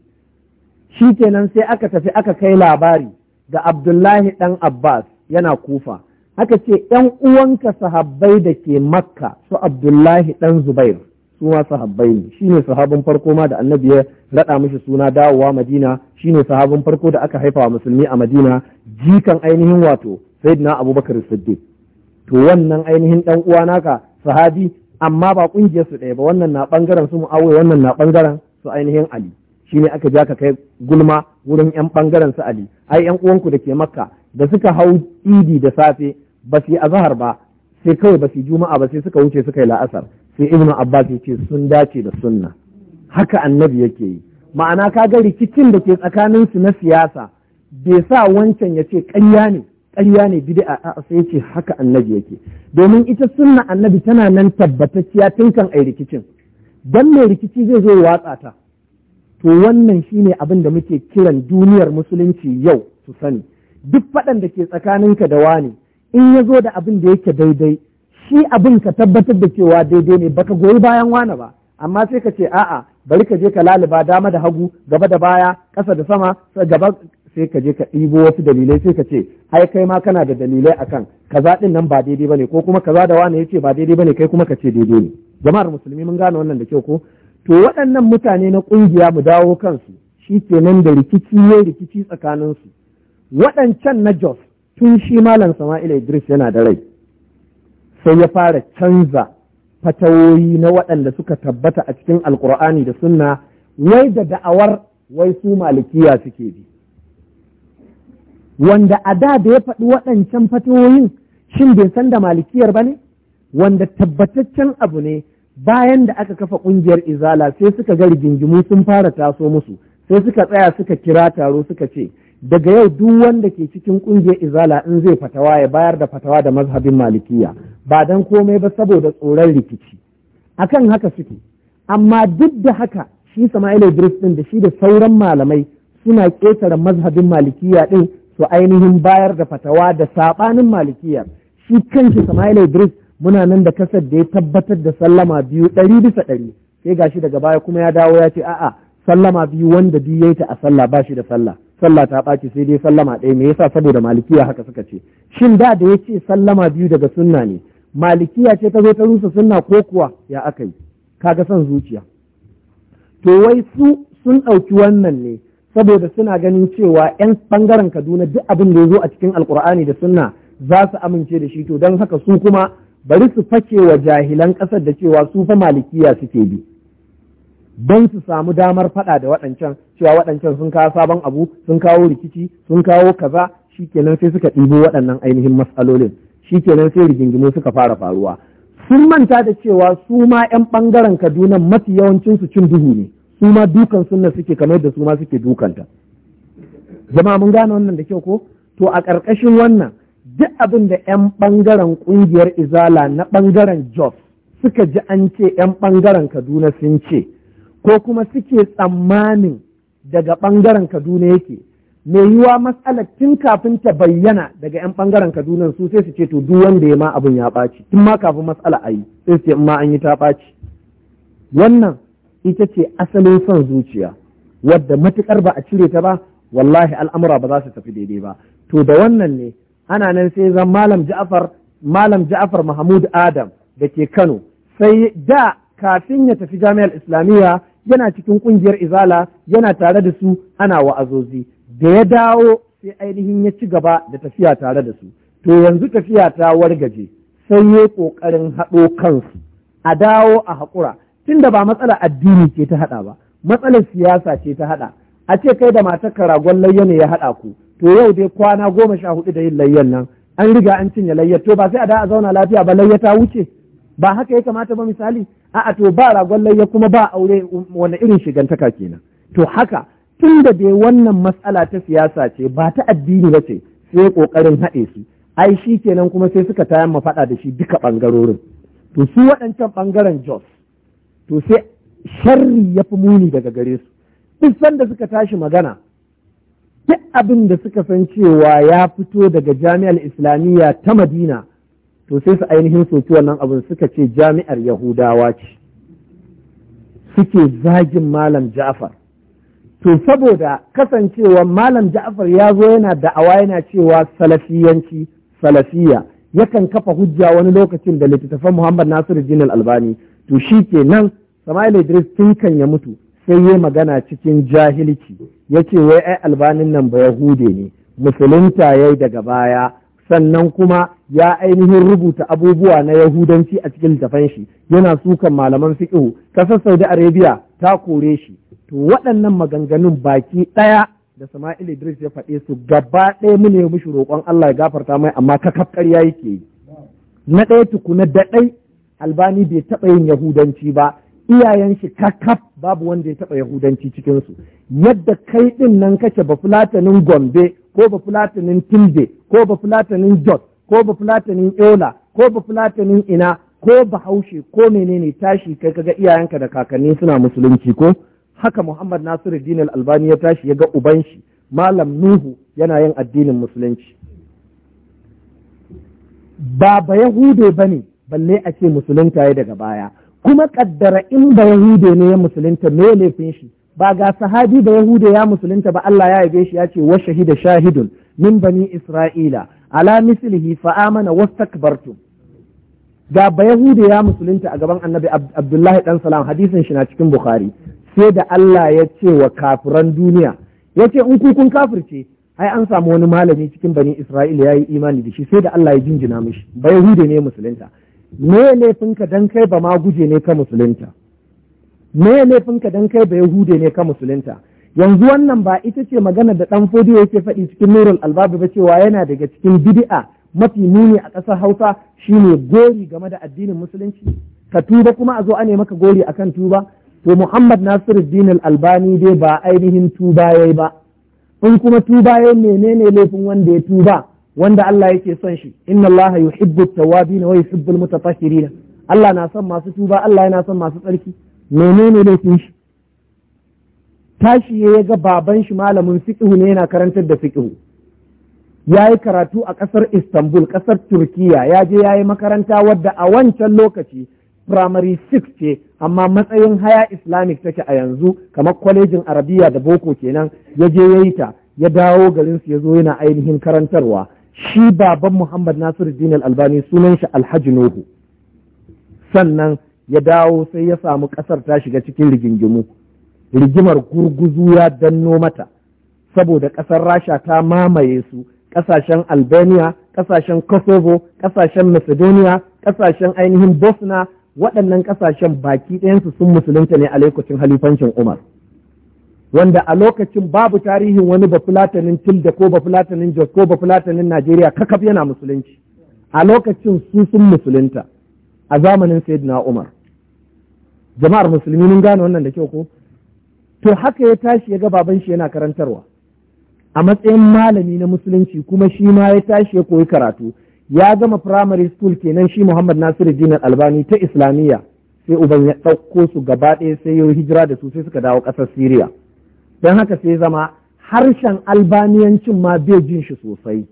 shi kenan sai aka tafi aka kai labari ga abdullahi ɗan abbas yana kufa aka ce ‘yan uwanka sahabbai da ke makka su abdullahi ɗan zubair su ma sahabbai ne shi ne sahabin farko ma da annabi ya raɗa mashi suna dawowa madina shi ne sahabin farko da aka haifa wa musulmi a madina jikan ainihin wato na abubakar siddiq to wannan ainihin ɗan uwa naka sahabi amma ba ƙungiyar su ɗaya ba wannan na ɓangaren su mu'awai wannan na ɓangaren su ainihin ali shi ne aka ja ka kai gulma wurin 'yan ɓangaren su ali ai 'yan uwanku da ke makka da suka hau idi da safe ba su yi zahar ba sai kawai ba su yi juma'a ba sai suka wuce suka yi la'asar sai ibnu abbas ya ce sun dace da sunna haka annabi yake yi ma'ana ka ga rikicin da ke tsakanin su na siyasa bai sa wancan ya ce ƙarya ne ƙarya ne bid'a a sai ce haka annabi yake domin ita sunna annabi tana nan tabbatacciya tun kan ai rikicin dan mai rikici zai zo watsa ta to wannan shine abin da muke kiran duniyar musulunci yau su sani duk faɗan da ke tsakaninka da wani in ya zo da abin da yake daidai shi abin ka tabbatar da cewa daidai ne baka goyi bayan wane ba amma sai ka ce a'a bari ka je ka laliba dama da hagu gaba da baya ƙasa da sama gaba sai ka je ka ɗibo wasu dalilai sai ka ce ai kai ma kana da dalilai akan kaza din nan ba daidai bane ko kuma kaza da wani yace ba daidai bane kai kuma ka ce daidai ne jama'ar musulmi mun gane wannan da kyau ko to waɗannan mutane na ƙungiya mu dawo kansu shi kenan da rikici ne rikici tsakanin su waɗancan na Jos tun shi malam Sama'il Idris yana da rai sai ya fara canza fatawoyi na waɗanda suka tabbata a cikin alkur'ani da sunna wai da da'awar wai su malikiya suke bi wanda a da da ya faɗi waɗancan fatawoyin shin bai san da malikiyar ba ne wanda tabbataccen abu ne bayan da aka kafa ƙungiyar izala sai suka ga rigingimu sun fara taso musu sai suka tsaya suka kira taro suka ce daga yau duk wanda ke cikin ƙungiyar izala in zai fatawa ya bayar da fatawa da mazhabin malikiya ba dan komai ba saboda tsoron rikici akan haka suke amma duk da haka shi Sama'il Idris din da shi da sauran malamai suna ƙetare mazhabin malikiya din su ainihin bayar da fatawa da saɓanin malikiya shi kanshi Sama'il Idris muna nan da kasar da ya tabbatar da sallama biyu ɗari bisa ɗari sai gashi daga baya kuma ya dawo ya ce a'a sallama biyu wanda biyu ya ta a sallah ba shi da sallah sallah ta ɓaci sai dai sallama ɗaya me yasa saboda malikiya haka suka ce shin da da ya ce sallama biyu daga sunna ne malikiya ce ta zo ta rusa sunna ko kuwa ya aka yi kaga son zuciya to wai su sun ɗauki wannan ne saboda suna ganin cewa 'yan ɓangaren kaduna duk abin da ya zo a cikin alkur'ani da sunna za su amince da shi to don haka su kuma bari su fake wa jahilan ƙasar da cewa su fa malikiya suke bi don su samu damar faɗa da waɗancan cewa waɗancan sun kawo sabon abu sun kawo rikici sun kawo kaza shikenan sai suka ɗibo waɗannan ainihin matsalolin shikenan sai rigingimu suka fara faruwa sun manta da cewa su ma 'yan ɓangaren kaduna mafi yawancinsu cin duhu ne su ma dukan sunna suke kamar da su ma suke dukanta Zama mun gane wannan da kyau ko to a ƙarƙashin wannan duk abin da 'yan ɓangaren ƙungiyar izala na ɓangaren jos suka ji an ce 'yan ɓangaren kaduna sun ce ko kuma suke tsammanin daga ɓangaren Kaduna yake mai yiwa matsalar tun kafin ta bayyana daga 'yan ɓangaren Kaduna su sai su ce to duk wanda ya ma abin ya ɓaci tun ma kafin matsala a yi sai su ma an yi ta ɓaci wannan ita ce asalin son zuciya wadda matukar ba a cire ta ba wallahi al'amura ba za su tafi daidai ba to da wannan ne ana nan sai zan malam Ja'far malam Ja'far Mahmud Adam da ke Kano sai da kafin ya tafi jami'ar Islamiyya yana cikin ƙungiyar izala yana tare da su ana wa'azozi da ya dawo sai ainihin ya ci gaba da tafiya tare da su to yanzu tafiya ta wargaje sai ya ƙoƙarin haɗo kansu a dawo a haƙura tunda ba matsalar addini ce ta haɗa ba matsalar siyasa ce ta haɗa a ce kai da matarka ragon layya ne ya haɗa ku to yau dai kwana goma sha hudu da yin layyan nan an riga an cinye layyar to ba sai a da a zauna lafiya ba layya ta wuce ba haka ya kamata ba misali a'a to ba ragon ya kuma ba aure wani irin shigantaka kenan to haka tun da dai wannan matsala ta siyasa ce ba ta addini ba ce sai kokarin haɗe su ai shi kenan kuma sai suka tayan ma faɗa da shi duka ɓangarorin to su waɗancan ɓangaren jos to sai sharri ya fi muni daga gare su duk sanda suka tashi magana duk abin da suka san cewa ya fito daga jami'ar islamiyya ta madina to sai su ainihin soki wannan abin suka ce jami'ar yahudawa ce suke zagin malam ja'far to saboda kasancewa malam ja'far ya zo yana da'awa yana cewa salafiyanci salafiya yakan kafa hujja wani lokacin da littattafan muhammad nasiru jinal albani to shi ke nan sama'il idris tun kan ya mutu sai ya magana cikin jahilci ya ce wai ai albanin nan ba yahude ne musulunta ya daga baya sannan kuma ya ainihin rubuta abubuwa na yahudanci a cikin littafan shi yana sukan malaman fiqh kasar saudi arabia ta kore shi to waɗannan maganganun baki ɗaya da sama'il idris ya faɗe su gaba ɗaya mu ya mushi roƙon allah ya gafarta mai amma ka ya yake yi na ɗaya tukuna da ɗai albani bai taɓa yin yahudanci ba iyayen shi kakaf babu wanda ya taɓa yahudanci cikin su yadda kai ɗin nan kake bafulatanin gombe ko ba fulatanin Tunde ko ba fulatanin jot, ko ba fulatanin Eola ko ba fulatanin ina ko bahaushe ko menene tashi kai kaga iyayenka da kakanni suna musulunci ko haka Muhammad Nasiru Dinal Albani ya tashi ya ga uban shi Malam Nuhu yana yin addinin musulunci ba ba Yahude bane balle a ce musulunta ya daga baya kuma kaddara in ba Yahude ne ya musulunta me laifin shi ba ga sahabi da yahuda ya musulunta ba Allah ya yabe shi ya ce wa shahida shahidun min bani isra'ila ala mislihi fa amana wastakbartu ga ba yahuda ya musulunta a gaban annabi abdullahi dan salam hadisin shi na cikin bukhari sai da Allah ya ce wa kafiran duniya ya ce in ku kun kafirce ai an samu wani malami cikin bani isra'ila ya yi imani da shi sai da Allah ya jinjina mishi ba yahuda ne musulunta me ne ka dan kai ba ma guje ne ka musulunta me laifinka dan kai ba yahude ne ka musulunta yanzu wannan ba ita ce magana da ɗan fodiyo yake faɗi cikin nurul albabi ba cewa yana daga cikin bid'a mafi muni a ƙasar Hausa shine gori game da addinin musulunci ka tuba kuma a zo a maka gori akan tuba to Muhammad Nasiruddin Albani dai ba ainihin tuba yayi ba in kuma tuba yayi menene laifin wanda ya tuba wanda Allah yake son shi inna Allah yuhibbu tawabin wa yuhibbul mutatahhirin Allah na son masu tuba Allah yana son masu tsarki menene laifin shi tashi ya ga baban shi malamin fiƙihu ne yana karantar da fiƙihu ya yi karatu a ƙasar istanbul ƙasar Turkiyya. ya je ya yi makaranta wadda a wancan lokaci primary six ce amma matsayin haya islamic take a yanzu kamar kwalejin arabiya da boko kenan ya je ya yi ta ya dawo garinsu ya zo yana ainihin karantarwa shi baban muhammad nasiru dinal albani sunan shi alhaji nuhu sannan ya dawo sai ya samu ƙasar ta shiga cikin rigingimu rigimar gurguzu ya danno mata saboda ƙasar rasha ta mamaye su ƙasashen albania ƙasashen kosovo ƙasashen macedonia ƙasashen ainihin bosna waɗannan ƙasashen baki ɗayansu sun musulunta ne a lokacin halifancin umar wanda a lokacin babu tarihin wani ba fulatanin tilda ko ba fulatanin jos ko ba fulatanin najeriya kakaf yana musulunci a lokacin su sun musulunta a zamanin sayyidina umar jama'ar musulmi mun gane wannan da kyau ko to haka ya tashi ya ga baban shi yana karantarwa a matsayin malami na musulunci kuma shi ma ya tashi ya koyi karatu ya gama primary school kenan shi Muhammad Nasiru Dinar Albani ta Islamiyya sai uban ya ɗauko su gaba ɗaya sai ya hijira da su sai suka dawo ƙasar Siriya don haka sai zama harshen albaniyancin ma bai jin shi sosai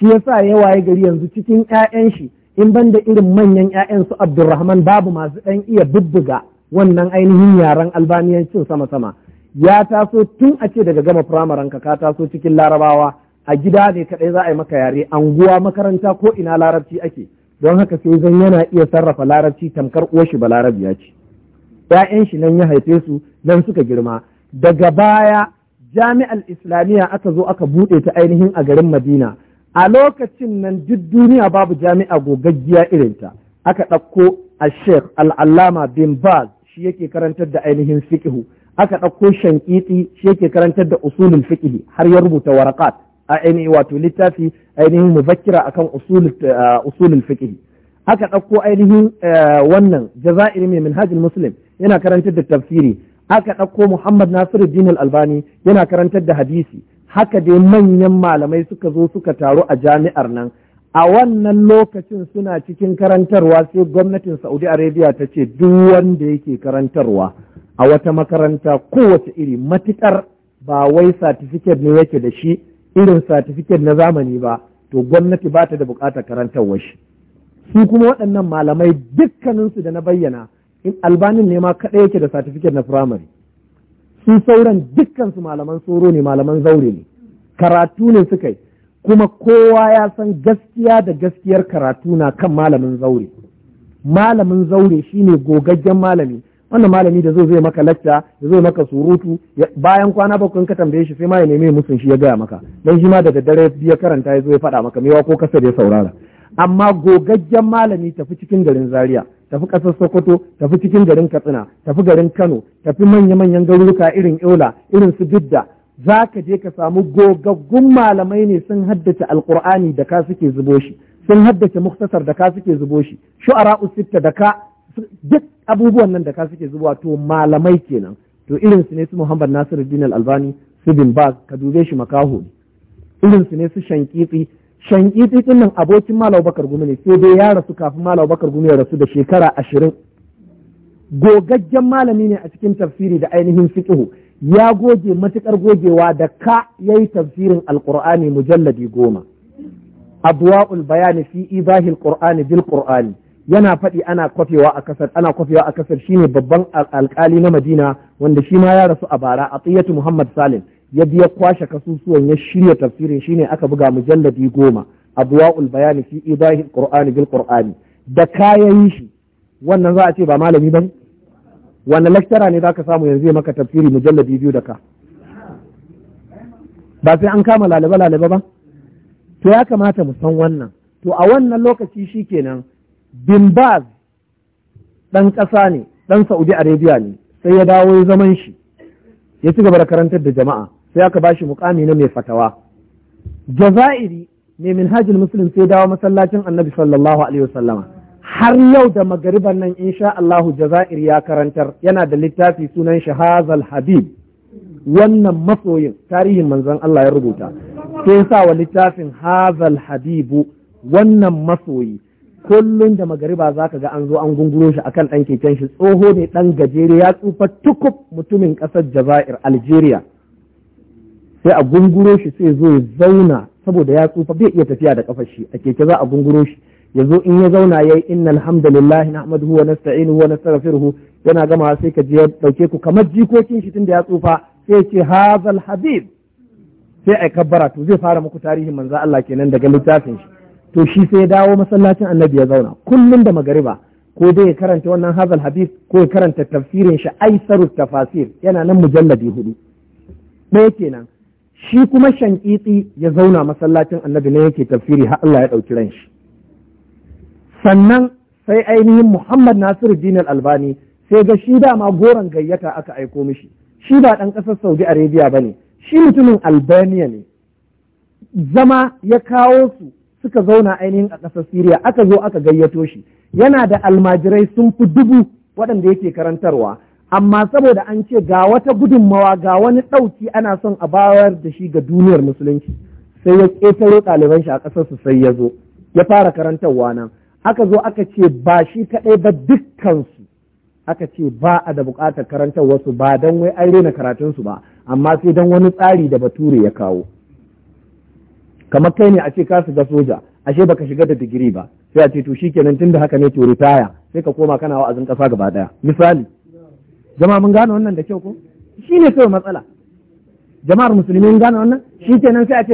shi yasa yawa ya gari yanzu cikin 'ya'yan shi in banda irin manyan 'ya'yan su Abdulrahman babu masu ɗan iya bubbuga wannan ainihin yaren albaniyancin sama-sama ya taso tun a ce daga gama firamaren ka taso cikin larabawa a gida ne kaɗai za a yi maka yare anguwa makaranta ko ina larabci ake don haka sai zan yana iya sarrafa larabci tamkar uwashi ba larabiya ce ‘ya'yan shi nan ya haife su nan suka girma daga baya jami'ar islamiyya aka zo aka buɗe ta ainihin a garin madina a lokacin nan duk duniya babu jami'a gogaggiya irinta aka ɗauko a sheikh al'allama bin baz shi yake karantar da ainihin fiqhu aka ɗauko shankiti shi yake karantar da usulul fiqhi har ya rubuta waraqat a ainihin wato littafi ainihin mubakkira akan usul uh, usulul fiqhi aka ɗauko ainihin uh, wannan jaza'iri mai minhajul muslim yana karantar da tafsiri aka ɗauko muhammad nasiruddin albani yana karantar da hadisi haka dai manyan malamai suka zo suka taru a jami'ar nan a wannan lokacin suna cikin karantarwa sai gwamnatin saudi arabia ta ce duk wanda yake karantarwa a wata makaranta kowace iri matukar ba wai satifiket ne yake da shi irin satifiket na zamani ba to gwamnati ba ta da bukatar karantarwa shi su kuma waɗannan malamai dukkaninsu da na bayyana in albanin ne ma kaɗai yake da satifiket na firamare su sauran dukkansu malaman tsoro ne malaman zaure ne karatu ne suka yi kuma kowa ya san gaskiya da gaskiyar karatu na kan malamin zaure malamin zaure shine gogaggen malami wannan malami da zo zai maka lacca ya zo maka surutu bayan kwana bakwai ka tambaye shi sai ma ya neme musun shi ya gaya maka dan shi ma da daddare ya karanta ya zo ya faɗa maka mewa ko kasa da ya saurara amma gogaggen malami tafi cikin garin zaria tafi ƙasar sokoto tafi cikin garin katsina tafi garin kano tafi manya-manyan garuruka irin eula irin su bidda za ka je ka samu gogaggun malamai ne sun haddace alkur'ani da ka suke zubo shi sun haddace muktasar da ka suke zubo shi shu'ara usitta da ka duk abubuwan nan da ka suke zubo to malamai kenan to irin su ne su Muhammad Nasiruddin albani su bin Baz ka dube shi makaho irin su ne su shankitsi shankitsi din nan abokin Malam Bakar Gumi ne sai dai ya rasu kafin Malam Bakar Gumi ya rasu da shekara ashirin gogaggen malami ne a cikin tafsiri da ainihin fiqh ya goge matukar gogewa da ka ya yi tafsirin alƙur'ani mujalladi goma adwa'ul bayani fi ibahil qur'ani bil ƙur'ani. yana faɗi ana kwafewa a ƙasar. ana kwafewa a kasar shine babban alkali na Madina wanda shi ma ya rasu a bara Atiyatu Muhammad Salim ya biya kwashe kasusuwan ya shirya tafsirin shine aka buga mujalladi goma abwaul bayani fi idahi alqur'ani bil ƙur'ani. da yi shi wannan za a ce ba malami bane wani lecturer ne zaka samu yanzu maka tafsiri mujalladi biyu da ka ba sai an kama laliba laliba ba to ya kamata mu san wannan to a wannan lokaci shi kenan bin ɗan ƙasa ne ɗan saudi arabia ne sai ya dawo ya zaman shi ya ci gaba da karantar da jama'a sai aka ba shi mukami na mai fatawa jazairi mai manhajin muslim sai dawo masallacin annabi sallallahu alaihi wasallama har yau da magariban nan insha Allahu Jaza'ir ya karantar yana da littafi sunan shi Hazal Habib wannan masoyin tarihin manzon Allah ya rubuta sai sa wa littafin Hazal Habibu wannan masoyi kullum da magariba zaka ga an zo an gunguro shi akan ɗan keken shi tsoho ne ɗan gajere ya tsufa tukub mutumin kasar Jaza'ir Algeria sai a gunguro shi sai zo ya zauna saboda ya tsufa bai iya tafiya da kafar shi a keke za a gunguro shi zo in ya zauna yayi innal hamdalillah nahmaduhu wa nasta'inuhu wa nastaghfiruhu yana gama sai ka je dauke ku kamar jikokin shi tunda ya tsufa sai ce hazal habib sai ai kabbara to zai fara muku tarihin manzo Allah kenan daga littafin shi to shi sai ya dawo masallacin annabi ya zauna kullum da magariba ko dai ya karanta wannan hazal habib ko ya karanta tafsirin shi aisarut tafasir yana nan mujalladi hudu ɗaya kenan shi kuma shankitsi ya zauna masallacin annabi ne yake tafsiri har Allah ya ɗauki ran shi sannan sai ainihin muhammad nasiru dinar albani sai ga shi dama goron gayyata aka aiko mishi shi ba ɗan ƙasar saudi arabia ba ne shi mutumin albania ne zama ya kawo su suka zauna ainihin a ƙasar Siriya aka zo aka gayyato shi yana da almajirai sun fi dubu waɗanda yake karantarwa amma saboda an ce ga wata gudunmawa ga wani ɗauki ana son a bayar da shi ga duniyar musulunci sai ya ƙetaro ɗaliban shi a ƙasarsu sai ya zo ya fara karantarwa nan aka zo aka ce ba shi kaɗai ba dukkansu aka ce ba a da buƙatar karantar wasu ba don wai an rena karatunsu ba amma sai don wani tsari da bature ya kawo kamar kai ne a ce ka shiga soja ashe ba ka shiga da digiri ba sai a ce to shi tun da haka ne to ritaya sai ka koma kana wa'azin ƙasa gaba daya misali jama'a mun gane wannan da kyau ko shi ne kawai matsala jama'ar musulmi mun gane wannan shi kenan sai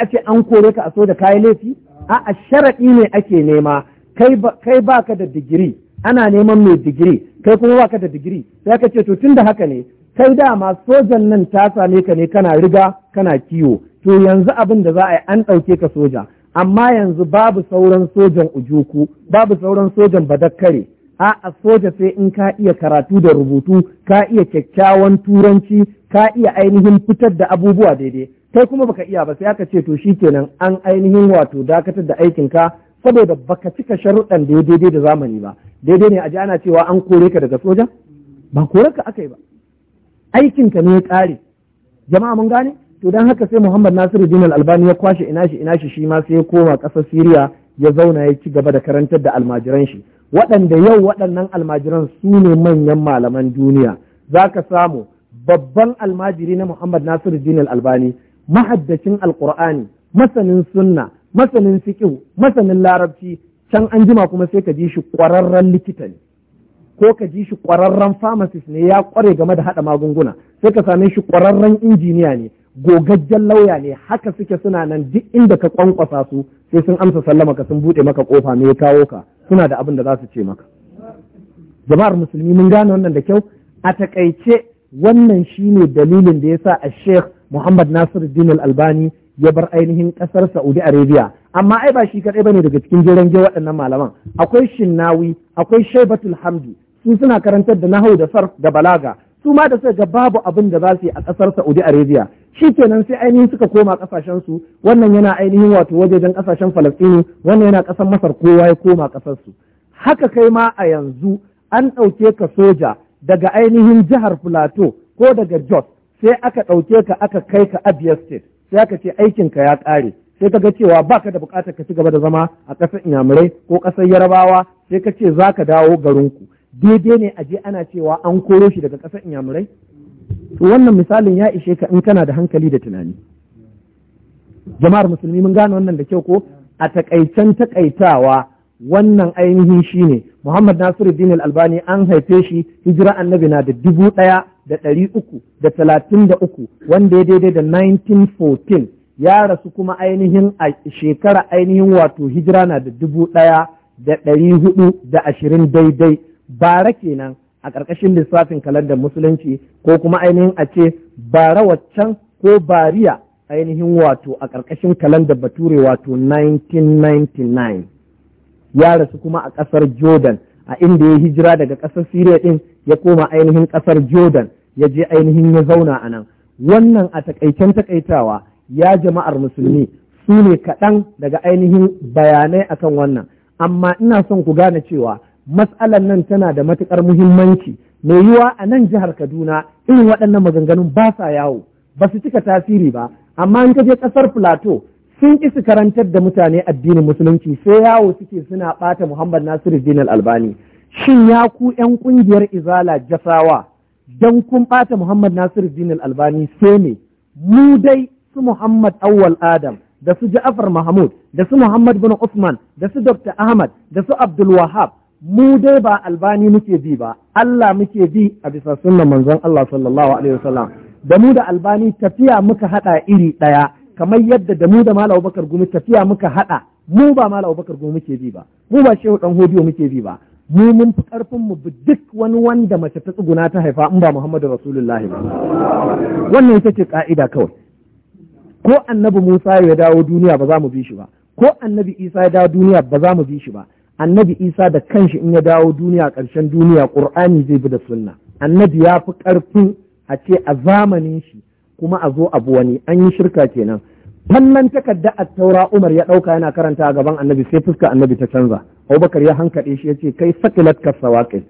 a ce an kore ka a soja da laifi a sharaɗi ne ake nema kai ba ka da digiri ana neman mai digiri kai kuma ba ka da digiri sai ka ce to da haka ne kai dama sojan nan ta same ka ne kana riga kana kiwo to yanzu abin da za a yi an ɗauke ka soja amma yanzu babu sauran sojan ujuku babu sauran sojan badakkare a a soja sai in ka iya karatu da rubutu ka iya kyakkyawan turanci ka iya ainihin fitar da abubuwa daidai kai kuma baka iya ba sai aka ce to shikenan an ainihin wato dakatar da aikinka saboda baka cika sharuɗan da ya daidai da zamani ba daidai ne a ji ana cewa an kore ka daga soja ba kore ka aka yi ba aikinka ne ya ƙare jama'a mun gane to dan haka sai Muhammad Nasiru Dinal Albani ya kwashe ina shi ina shi shi ma sai ya koma ƙasar Siriya ya zauna ya ci gaba da karantar da almajiran shi waɗanda yau waɗannan almajiran su ne manyan malaman duniya za ka samu babban almajiri na Muhammad Nasiru Dinal Albani mahaddacin Alƙur'ani masanin sunna masanin fiƙin masanin larabci can an jima kuma sai ka ji shi ƙwararren likita ne ko ka ji shi ƙwararren pharmacist ne ya ƙware game da haɗa magunguna sai ka same shi ƙwararren injiniya ne gogaggen lauya ne haka suke suna nan duk inda ka ƙwanƙwasa su sai sun amsa sallama ka sun buɗe maka ƙofa me ya kawo ka suna da abin da za su ce maka jama'ar musulmi mun gane wannan da kyau a takaice wannan shine dalilin da ya sa a sheikh muhammad nasiru dinar albani ya bar ainihin ƙasar Saudi Arabia amma ai ba shi kaɗai bane daga cikin jiran waɗannan malaman akwai Shinnawi akwai Shaibatul Hamdi su suna karantar da nahau da sarf da balaga su ma da suka ga babu abin da za su yi a ƙasar Saudi Arabia shi kenan sai ainihin suka koma kasashen su wannan yana ainihin wato wajejen kasashen Falastinu wannan yana ƙasar Masar kowa ya koma ƙasar su haka kai ma a yanzu an ɗauke ka soja daga ainihin jihar Plateau ko daga Jos sai aka ɗauke ka aka kai ka Abia State sai aka ce aikinka ya ƙare sai ka ga cewa baka da buƙatar ka ci gaba da zama a ƙasar inyamurai ko ƙasar yarabawa sai ka ce za ka dawo garinku daidai ne a je ana cewa an koro shi daga ƙasar inyamurai to wannan misalin ya ishe ka in kana da hankali da tunani jama'ar musulmi mun gane wannan da kyau ko a takaicen takaitawa wannan ainihin shi ne Muhammad Nasiru Al-Albani an haife shi hijira annabi na da dubu ɗaya da ɗari uku da talatin da uku wanda ya daidai da 1914 ya rasu kuma ainihin a shekara ainihin wato hijira na da dubu ɗaya da ɗari hudu da ashirin daidai bara kenan a ƙarƙashin lissafin kalandar musulunci ko kuma ainihin a ce bara waccan ko bariya ainihin wato a ƙarƙashin kalandar bature wato 1999 ya rasu kuma a ƙasar Jordan a inda ya hijira daga ƙasar Syria ɗin ya koma ainihin ƙasar Jordan ya je ainihin ya zauna a nan wannan a takaicen takaitawa ya jama'ar musulmi su ne kaɗan daga ainihin bayanai akan wannan amma ina son ku gane cewa matsalar nan tana da matuƙar muhimmanci mai yiwa a nan jihar Kaduna irin waɗannan maganganun ba sa yawo ba su cika tasiri ba amma in ka je ƙasar Plateau sun ki su karantar da mutane addinin musulunci sai yawo suke suna ɓata Muhammad Nasiru Dinal Albani shin ya ku yan ƙungiyar Izala Jasawa dan kun ɓata Muhammad Nasiru Dinal Albani sai ne mu dai su Muhammad Awwal Adam da su Ja'far Mahmud da su Muhammad bin Usman da su Dr. Ahmad da su Abdul Wahab mu dai ba albani muke bi ba Allah muke bi a bisa sunnan manzon Allah sallallahu alaihi wasallam da mu da albani tafiya muka haɗa iri ɗaya. kamar yadda da mu da Malam Abubakar Gumi tafiya muka haɗa mu ba Malam Abubakar Gumi muke bi ba mu ba Shehu Dan Hodiyo muke bi ba mu mun fi karfin mu bi duk wani wanda mace ta tsuguna ta haifa in ba Muhammadu Rasulullahi ba wannan ita ce ka'ida kawai ko annabi Musa ya dawo duniya ba za mu bi shi ba ko annabi Isa ya dawo duniya ba za mu bi shi ba annabi Isa da kanshi in ya dawo duniya ƙarshen duniya Qur'ani zai bi da sunna annabi ya fi ƙarfin a ce a zamanin shi kuma a zo abu wani an yi shirka kenan fannan takarda a taura umar ya ɗauka yana karanta a gaban annabi sai fuska annabi ta canza abubakar ya hankaɗe shi ya ce kai sakilat ka sawaƙi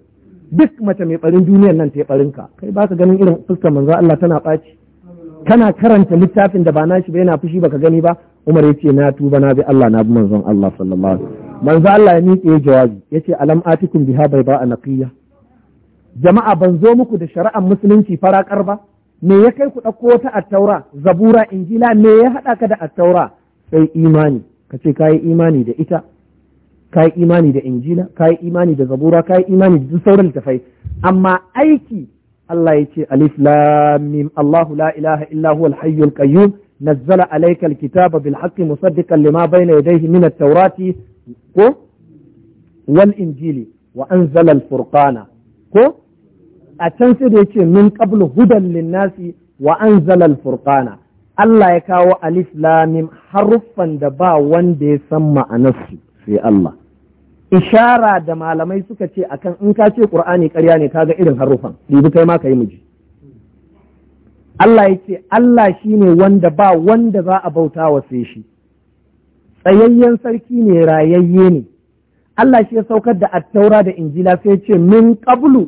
duk mace mai ɓarin duniyar nan ta yi ka. kai ba ka ganin irin fuskar manzo Allah tana ɓaci kana karanta littafin da ba shi ba yana fushi baka gani ba umar ya ce na tuba na bi Allah na bi manzon Allah sallallahu alaihi wasallam manzo Allah ya miƙe ya jawabi ya ce alam atikum biha bai ba a naqiya jama'a ban zo muku da shari'ar musulunci farakar ba me ya kai ku ɗauko wata attaura zabura injila me ya haɗa ka da attaura sai imani ka ce ka yi imani da ita ka yi imani da injila ka yi imani da zabura ka yi imani da sauran littafai amma aiki Allah ya ce alif lam mim Allahu la ilaha illa huwa al-hayyul qayyum nazzala alayka al-kitaba bil haqqi musaddiqan lima bayna yadayhi min at-taurati ko wal injili wa anzala al-furqana ko a can sai da yace min qablu hudan linnasi wa anzala al-furqana Allah ya kawo alif mim haruffan da ba wanda ya san ma'anarsu sai Allah ishara da malamai suka ce akan in ka ce qur'ani ƙarya ne kaga irin haruffan dubi kai ma kai miji Allah ya ce Allah shine wanda ba wanda za a bauta wa sai shi tsayayyen sarki ne rayayye ne Allah shi ya saukar da attaura da injila sai ce min qablu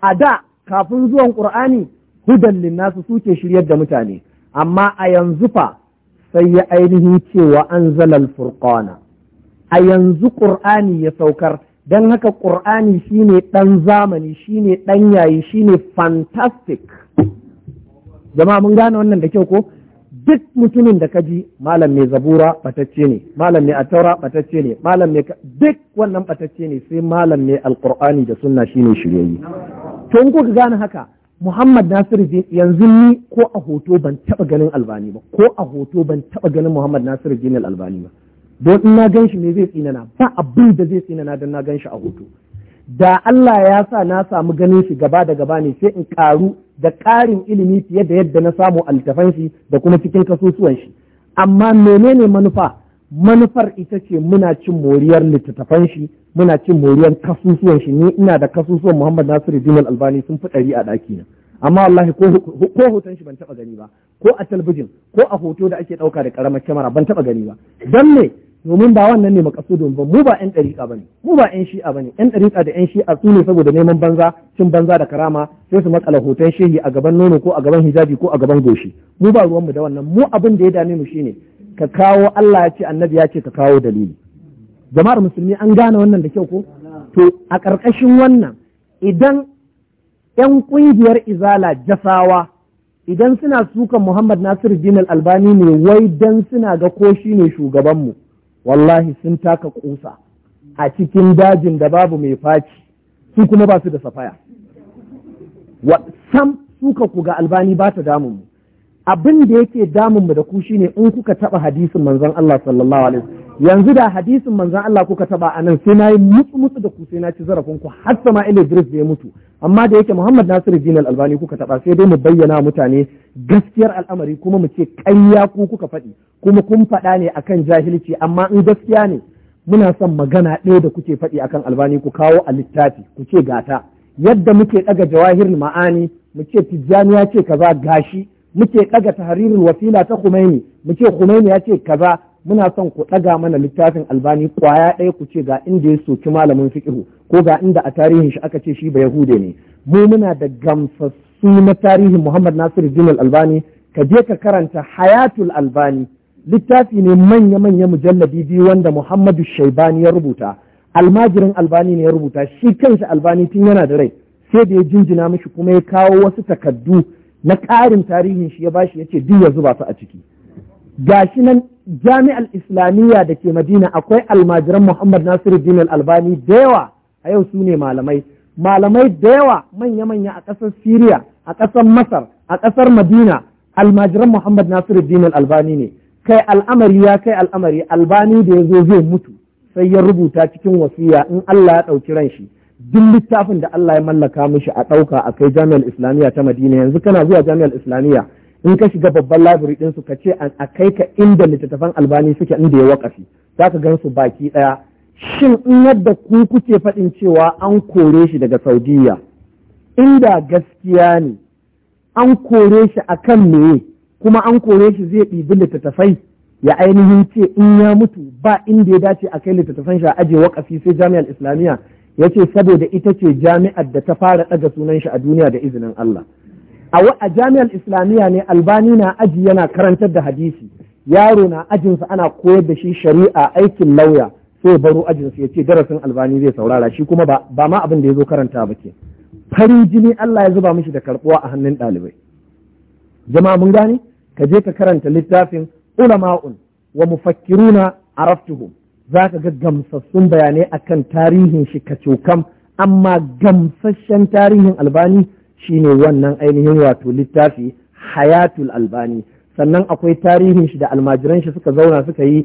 a da kafin zuwan ƙur'ani hudan nasu suke shiryar da mutane amma a yanzu fa sai ya ainihi cewa an zalal furqana a yanzu ƙur'ani ya saukar don haka ƙur'ani shine ɗan zamani shine ɗan yayi shine fantastic jama'a mun gane wannan da kyau ko duk mutumin da kaji malam mai zabura batacce ne malam mai ataura batacce ne malam mai duk wannan batacce ne sai malam mai alƙur'ani da sunna shine shiryayye to in kuka gane haka Muhammad Nasiru yanzu ni ko a hoto ban taba ganin Albani ba ko a hoto ban taba ganin Muhammad Nasiru Jinal Albani ba don in na ganshi shi me zai tsinana ba abin da zai tsinana don na gan shi a hoto da Allah ya sa na samu ganin shi gaba da gaba ne sai in karu da ƙarin ilimi fiye da yadda na samu altafan shi da kuma cikin kasusuwan shi amma menene manufa manufar ita ce muna cin moriyar littattafan shi muna cin moriyar kasusuwan shi ni ina da kasusuwan Muhammad Nasiru Jimal Albani sun fi ɗari a ɗaki na amma wallahi ko hoton shi ban taɓa gani ba ko a talbijin ko a hoto da ake ɗauka da ƙaramar kyamara ban taɓa gani ba don me domin ba wannan ne makasudin ba mu ba yan ɗariƙa ba ne mu ba yan shi'a ba ne yan ɗariƙa da yan shi'a su ne saboda neman banza cin banza da karama sai su matsala hoton shehi a gaban nono ko a gaban hijabi ko a gaban goshi mu ba ruwanmu da wannan mu abin da ya dame mu shine ka kawo Allah ya ce annabi ya ce ka kawo dalili jama'ar musulmi an gane wannan da kyau ko to a ƙarƙashin wannan idan ƴan ƙungiyar izala jasawa idan suna sukan Muhammad Nasir Dinal Albani ne wai dan suna ga ko shi ne shugabanmu wallahi sun taka ƙusa a cikin dajin da babu mai faci su kuma ba su da safaya sam suka ku ga Albani ba ta damun mu abin da yake damun mu da ku shine in kuka taba hadisin manzon Allah sallallahu alaihi yanzu da hadisin manzon Allah kuka taba anan sai na yi mutsu mutsu da ku sai na ci zarafin ku har sama ila Idris da ya mutu amma da yake Muhammad Nasiru al Albani kuka taba sai dai mu bayyana mutane gaskiyar al'amari kuma mu ce ƙarya ku kuka faɗi kuma kun faɗa ne akan jahilci amma in gaskiya ne muna son magana ɗaya da kuke faɗi akan Albani ku kawo a littafi ku ce gata yadda muke ɗaga jawahir ma'ani mu ce ya ce kaza gashi muke ɗaga tahririn wasila ta Khomeini muke Khomeini ya ce kaza muna son ku ɗaga mana littafin albani kwaya ɗaya ku ce ga inda ya soki malamin fiƙihu ko ga inda a tarihin shi aka ce shi ba yahude ne mu muna da gamsassu na tarihin Muhammad Nasiru al Albani ka je ka karanta Hayatul Albani littafi ne manya-manya mujalladi biyu wanda Muhammadu Shaibani ya rubuta almajirin Albani ne ya rubuta shi kansa Albani tun yana da rai sai da ya jinjina mishi kuma ya kawo wasu takaddu na ƙarin tarihin shi ya bashi ce duk ya zuba su a ciki gashi nan jami'al islamiyya da ke madina akwai almajiran muhammad nasiruddin albani da yawa a yau su ne malamai malamai da yawa manya-manya a ƙasar siriya a ƙasar masar a ƙasar madina almajiran muhammad nasiruddin albani ne kai al'amari ya kai al'amari albani da ya zo zai mutu sai ya rubuta cikin wasiya in allah ya ɗauki ran shi duk littafin da Allah ya mallaka mishi a ɗauka a kai jami'ar islamiyya ta madina yanzu kana zuwa jami'ar islamiyya in ka shiga babban ɗin su ka ce a kai ka inda littattafan albani suke inda ya wakafi za ka gan su baki ɗaya shin in yadda ku kuke faɗin cewa an kore shi daga saudiyya inda gaskiya ne an kore shi a kan meye kuma an kore shi zai ɗibi littattafai ya ainihin ce in ya mutu ba inda ya dace a kai littattafan shi a ajiye wakafi sai jami'ar islamiyya ya ce saboda ita ce jami'ar da ta fara ɗaga sunan shi a duniya da izinin Allah a jami'ar islamiyya ne albani na aji yana karantar da hadisi yaro na ajinsa ana koyar da shi shari'a aikin lauya sai baro ajinsa ya ce darasin albani zai saurara shi kuma ba ma abin da ya zo karanta ba ke farin jini Allah ya zuba mishi da karbuwa a hannun ɗalibai jama'a mun gane ka je ka karanta littafin ulama'un wa mufakkiruna araftuhum za ka ga gamsassun bayanai akan tarihin shi kacokam amma gamsashen tarihin albani shine wannan ainihin wato littafi hayatul albani sannan akwai tarihin shi da almajiran shi suka zauna suka yi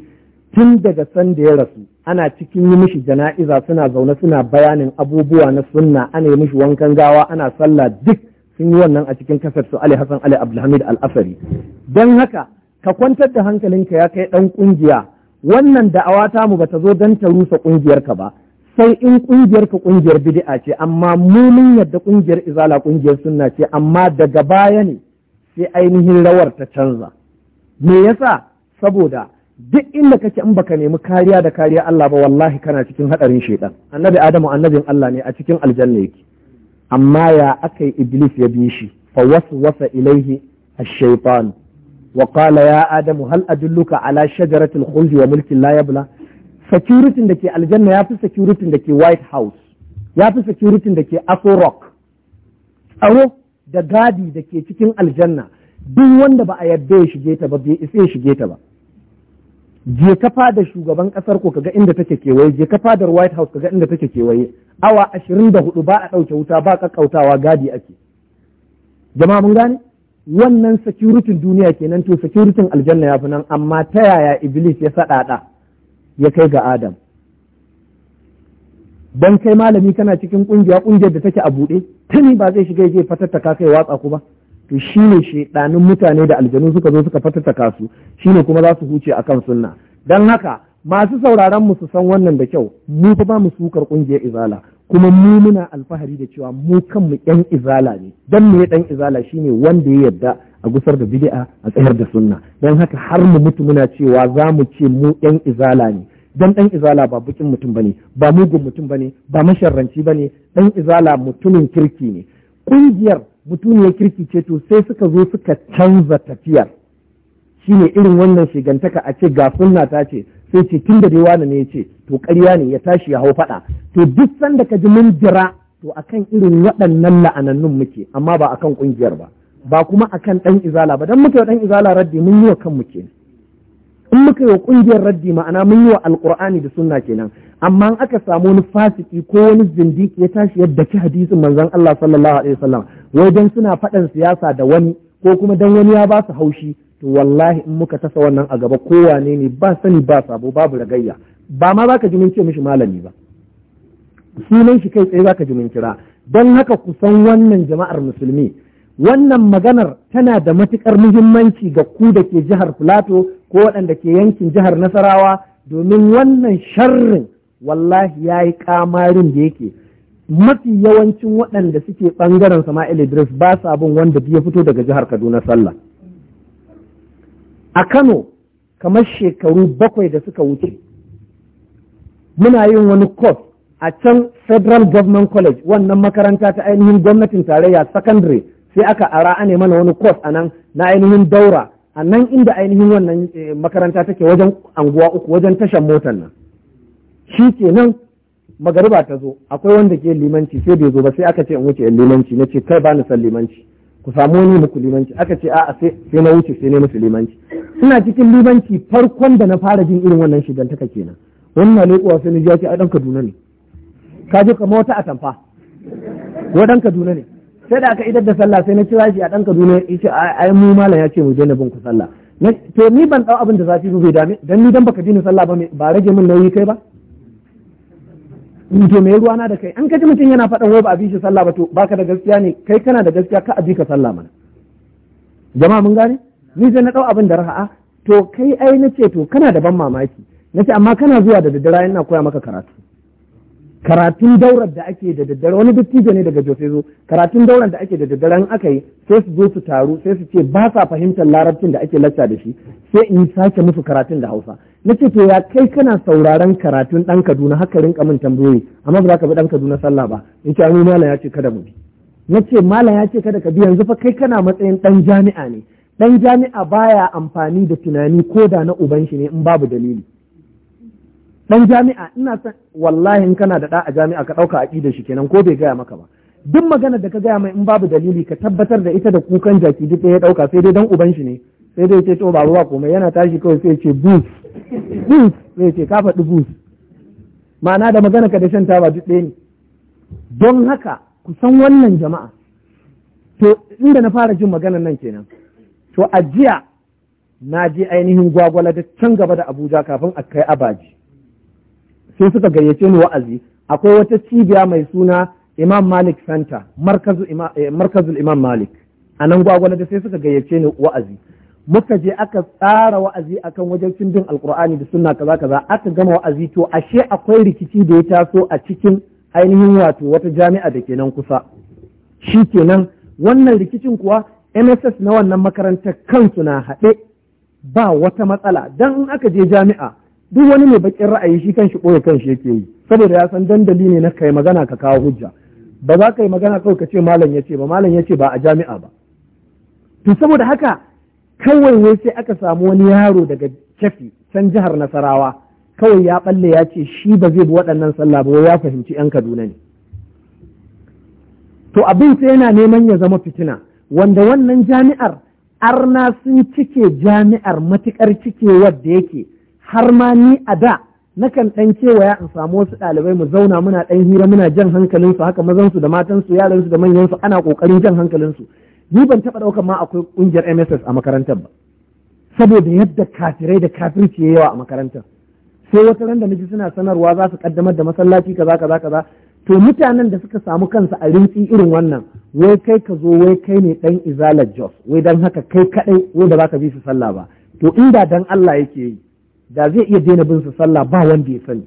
tun daga san da ya rasu ana cikin yi mishi jana'iza suna zaune suna bayanin abubuwa na sunna ana yi mishi wankan gawa ana sallah duk sun yi wannan a cikin kasar su Ali Hassan Ali Abdulhamid Al-Asari don haka ka kwantar da hankalinka ya kai ɗan ƙungiya. wannan da'awa ta mu bata zo dan ta rusa ƙungiyarka ba sai in ƙungiyarka ƙungiyar bid'a ce amma mu mun yadda ƙungiyar izala ƙungiyar sunna ce amma daga baya ne sai ainihin rawar ta canza me yasa saboda duk inda kake in baka nemi kariya da kariya Allah ba wallahi kana cikin hadarin shaitan annabi adamu annabin Allah ne a cikin aljanna yake amma ya akai iblis ya bi shi fa waswasa ilaihi ash-shaytan wa qala ya adamu hal adulluka ala shajaratil khuldi wa mulkin la yabla security da ke aljanna ya fi security da ke white house ya fi security da ke aso rock tsaro da gadi da ke cikin aljanna duk wanda ba a yarda ya shige ta ba bai isa ya shige ta ba je ka fada shugaban kasar ko kaga inda take kewaye je ka fadar white house kaga inda take kewaye awa ashirin da hudu ba a ɗauke wuta ba kakkautawa gadi ake jama'a mun gane wannan security duniya kenan to security aljanna ya fi nan amma ta yaya iblis ya saɗaɗa ya kai ga adam don kai malami kana cikin ƙungiya ƙungiyar da take a buɗe tuni ba zai shiga je fatattaka kai watsa ku ba to shi ne shaidanin mutane da aljanu suka zo suka fatattaka su Shi ne kuma za su huce a kan sunna Don haka masu sauraron mu su san wannan da kyau mu fa ba mu sukar ƙungiyar izala kuma mu muna alfahari da cewa mu kanmu ɗan izala ne dan me ɗan izala shine wanda ya yarda a gusar da bid'a a tsayar da sunna dan haka har mu mutu muna cewa za mu ce mu ɗan izala ne dan ɗan izala ba bukin mutum bane ba mugun mutum bane ba masharranci bane ɗan izala mutumin kirki ne ƙungiyar ya kirki ce to sai suka zo suka canza tafiyar shine irin wannan shigantaka a ce ga sunna ta ce sai ce tun da dai wani ne ya ce to ƙarya ne ya tashi ya hau faɗa to duk sanda ka ji mun jira to akan irin waɗannan la'anannun muke amma ba akan ƙungiyar ba ba kuma akan ɗan izala ba dan muke wa ɗan izala raddi mun yi wa kan muke in muka wa ƙungiyar raddi ma'ana mun yi wa alƙur'ani da sunna kenan amma in aka samu wani fasiki ko wani zindiki ya tashi yadda ki hadisin manzon Allah sallallahu alaihi wasallam wai dan suna faɗan siyasa da wani ko kuma dan wani ya ba su haushi to wallahi in muka tasa wannan a gaba kowane ne ba sani ba sabo babu ragayya ba ma za ka ji mun mishi malami ba sunan shi kai tsaye zaka ji kira don haka kusan wannan jama'ar musulmi wannan maganar tana da matukar muhimmanci ga ku da ke jihar Filato ko waɗanda ke yankin jihar Nasarawa domin wannan sharrin wallahi ya yi kamarin da yake mafi yawancin waɗanda suke ɓangaren Sama'il Idris ba sabon bin wanda ya fito daga jihar Kaduna sallah. a Kano kamar shekaru bakwai da suka wuce muna yin wani course a can Federal Government College wannan makaranta ta ainihin gwamnatin tarayya secondary sai aka ara ane mana wani course a nan na ainihin daura a nan inda ainihin wannan eh, makaranta take wajen anguwa uku wajen tashan motar nan shi ke nan magariba ta zo akwai wanda ke limanci sai bai zo ba sai aka ce in wuce limanci na ce kai ba ni san limanci ku samu wani muku limanci aka ce a'a sai na wuce sai ne musu limanci ina cikin limanci farkon da na fara jin irin wannan shigantaka kenan wannan ne sai ni ji a dan Kaduna ne ka je kamar wata atamfa ko dan Kaduna ne sai da aka idar da sallah sai na kira shi a dan Kaduna a ai mu malam ya ce mu je na bin ku sallah to ni ban dau abin da zafi bai dame dan ni dan baka ji ni sallah ba ba rage min nauyi kai ba in to me ruwana da kai an kaji mutum yana faɗan wai ba a bi sallah ba to baka da gaskiya ne kai kana da gaskiya ka a bi ka sallah mana jama'a mun gane ni sai na ɗau abin da raha'a to kai ai na ce to kana da ban mamaki na ce amma kana zuwa da daddare ina koya maka karatu karatun daurar da ake da daddare wani dattijo ne daga Jose zo karatun daurar da ake da daddare an aka yi sai su zo su taru sai su ce ba sa fahimtar larabcin da ake lacca da shi sai in sake musu karatun da Hausa na ce to ya kai kana sauraron karatun ɗan Kaduna haka rinka min tambayoyi amma ba za ka bi ɗan Kaduna sallah ba in ce an malam ya ce kada mu bi na ce malam ya ce kada ka bi yanzu fa kai kana matsayin ɗan jami'a ne ɗan jami'a baya amfani da tunani ko da na uban shi ne in babu dalili dan jami'a ina san wallahi in kana da a jami'a ka dauka aqida shi kenan ko bai gaya maka ba duk magana da ka gaya mai in babu dalili ka tabbatar da ita da kukan jaki duk ya dauka sai dai dan uban shi ne sai dai ce to ba komai yana tashi kawai sai ce bus bus sai ce ka faɗi bus ma'ana da magana ka da shan taba duk ɗaya ne don haka ku san wannan jama'a to inda na fara jin maganar nan kenan to a jiya na je ainihin gwagwala da can gaba da Abuja kafin a kai abaji sai suka gayyace ni wa'azi akwai wata cibiya mai suna Imam Malik Center eh, markazul Imam Malik anan nan da sai suka gayyace ni wa'azi muka je aka tsara wa'azi akan wajen cindin alkur'ani da sunna kaza kaza aka gama wa'azi to ashe akwai rikici da ya taso a cikin ainihin wato wata jami'a da ke nan kusa shi kenan wannan rikicin kuwa MSS na wannan makarantar kansu na haɗe ba wata matsala Dan in aka je jami'a duk wani mai bakin ra'ayi shi kan shi ɓoye kan shi yake yi saboda ya san dandali ne na kai magana ka kawo hujja ba za ka yi magana kawai ka ce malam ya ce ba malam ya ce ba a jami'a ba to saboda haka kawai wai sai aka samu wani yaro daga kefi can jihar nasarawa kawai ya balle ya ce shi ba zai bi waɗannan sallah ba ya fahimci yan kaduna ne to abin sai yana neman ya zama fitina wanda wannan jami'ar arna sun cike jami'ar matukar cike wadda yake har ma ni a da nakan ɗan kewaya in samu wasu ɗalibai mu zauna muna ɗan hira muna jan hankalinsu haka mazansu da matansu yaransu da manyansu ana ƙoƙarin jan hankalinsu ni ban taɓa ɗaukar ma akwai ƙungiyar MSS a makarantar ba saboda yadda kafirai da kafirci ya yawa a makarantar sai wata randa da naji suna sanarwa za su kaddamar da masallaci kaza kaza kaza to mutanen da suka samu kansu a rintsi irin wannan wai kai ka zo wai kai ne ɗan izalar Jos wai dan haka kai kaɗai wai da ka bi su sallah ba to inda dan Allah yake yi da zai iya daina bin su sallah ba wanda ya sani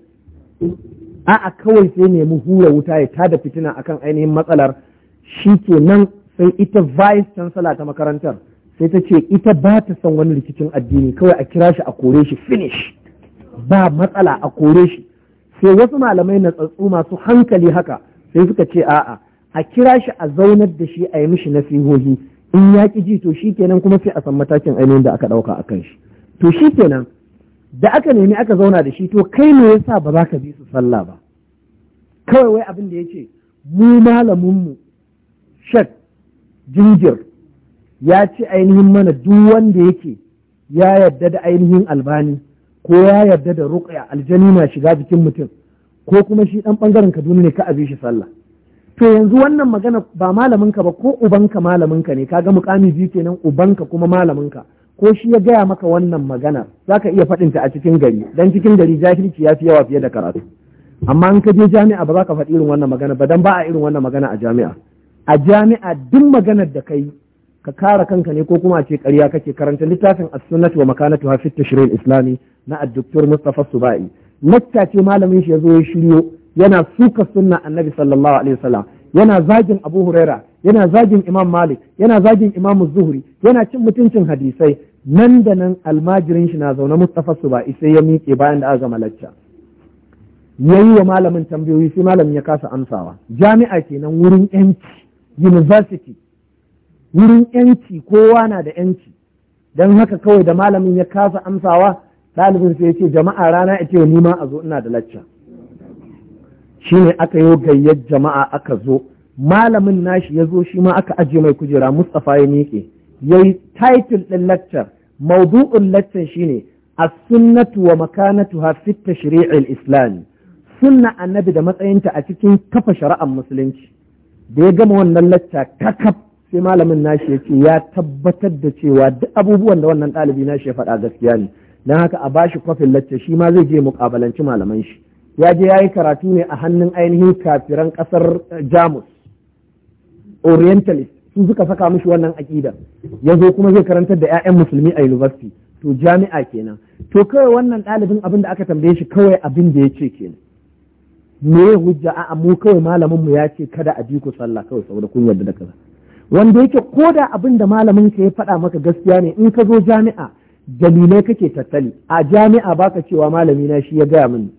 a'a kawai sai nemi hura wuta ya tada fitina akan ainihin matsalar shi kenan sai ita vice chancellor ta makarantar sai ta ce ita ba ta son wani rikicin addini kawai a kira shi a kore shi finish ba matsala a kore shi sai wasu malamai na tsatsu masu hankali haka sai suka ce a'a a kira shi a zaunar da shi a yi mishi nasihohi in ya ƙi ji to shi kuma sai a san matakin ainihin da aka ɗauka a kan shi to shi kenan da aka nemi aka zauna da shi to kai ne yasa ba za ka bi su sallah ba kawai wai abin da ya ce mu malaminmu shek jinjir ya ce ainihin mana duk wanda yake ya yarda da ainihin albani ko ya yarda da ruqya aljani na shiga jikin mutum ko kuma shi ɗan ɓangaren kaduna ne ka abi shi sallah to yanzu wannan magana ba malaminka ba ko ubanka malaminka ne kaga mukami biyu kenan ubanka kuma malaminka ko shi ya gaya maka wannan magana za ka iya faɗinta a cikin gari dan cikin gari jahilci ya fi yawa fiye da karatu amma in ka je jami'a ba za ka faɗi irin wannan magana ba dan ba a irin wannan magana a jami'a a jami'a duk maganar da kai ka kare kanka ne ko kuma a ce ƙarya kake karanta littafin as wa makanatu fi tashri'il islami na ad-doktor Mustafa Subai lakta ce malamin shi yazo ya shiryo yana suka sunna annabi sallallahu alaihi wasallam yana zagin abu huraira yana zagin imam malik yana zagin imam zuhri yana cin mutuncin hadisai nan da nan almajirin shi na zaune mustafa su ba sai ya miƙe bayan da aka gama lacca ya yi wa malamin tambayoyi sai malamin ya kasa amsawa jami'a kenan wurin yanci university wurin yanci kowa na da yanci don haka kawai da malamin ya kasa amsawa ɗalibin sai ya ce jama'a rana ya ce ni ma a zo ina da lacca shine aka yi gayyar jama'a aka zo malamin nashi ya zo shi ma aka ajiye mai kujera Mustapha ya miƙe yayi title ɗin laccar. maudu'un shi ne. A sunnatu wa makanatu har tashri' al-islami sunna annabi da matsayinta a cikin kafa shari'ar musulunci da ya gama wannan lacca kakaf sai malamin nashi ya ce ya tabbatar da cewa duk abubuwan da wannan ɗalibi nashi ya faɗa gaskiya ne don haka a bashi kwafin lacca shi ma zai je muƙabalanci malaman shi ya je ya yi karatu ne a hannun ainihin kafiran kasar eh, jamus orientalist su suka saka mishi wannan aƙida ya zo kuma zai karantar da 'ya'yan musulmi a university to jami'a kenan to kawai wannan ɗalibin abin da aka tambaye shi kawai abin da ya ce kenan me ya hujja a mu kawai malamin mu ya ce kada a ji ku sallah kawai saboda kun yarda da kaza wanda yake ko da abin da malamin ka ya faɗa maka gaskiya ne in ka zo jami'a dalilai kake tattali a jami'a baka cewa malami na shi ya gaya mini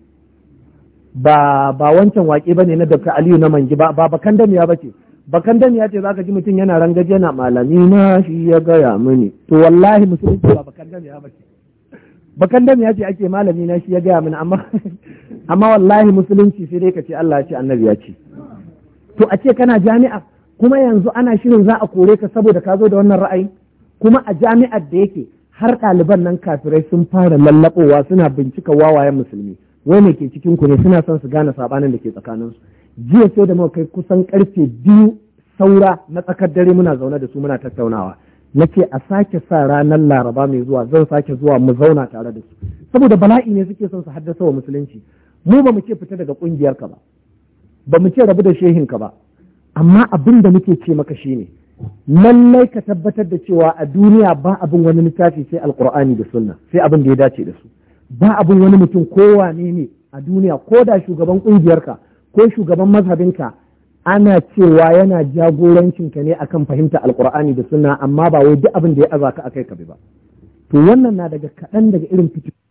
ba ba wancan waƙe ne na Dr. Aliyu na Mangi ba ba bakan damiya ce. bakan damiya ce za ka ji mutum yana rangaje na malami na shi ya gaya mini to wallahi musulunci ba bakan damiya bace bakan damiya ce ake malami na shi ya gaya mini amma amma wallahi musulunci sai dai ka ce Allah ya ce annabi ya ce to a ce kana jami'a kuma yanzu ana shirin za a kore ka saboda ka zo da wannan ra'ayi kuma a jami'ar da yake har ɗaliban nan kafirai sun fara lallaɓowa suna bincika wawayen musulmi wai mai ke cikin ku ne suna son su gane sabanin da ke tsakanin su jiya sai da muka kai kusan karfe biyu saura na tsakar dare muna zaune da su muna tattaunawa nake a sake sa ranar laraba mai zuwa zan sake zuwa mu zauna tare da su saboda bala'i ne suke son su haddasa wa musulunci mu ba mu ce fita daga kungiyar ka ba ba mu ce rabu da shehin ka ba amma abin da muke ce maka shine lallai ka tabbatar da cewa a duniya ba abin wani littafi sai alkur'ani da sunna sai abin da ya dace da su ba abin wani mutum kowa ne ne a duniya ko da shugaban ƙungiyarka ko shugaban mazhabinka ana cewa yana jagorancinka ne akan fahimta alkur'ani da suna amma ba wai duk abin da ya azaka akai ka bi ba to wannan na daga kaɗan daga irin fitin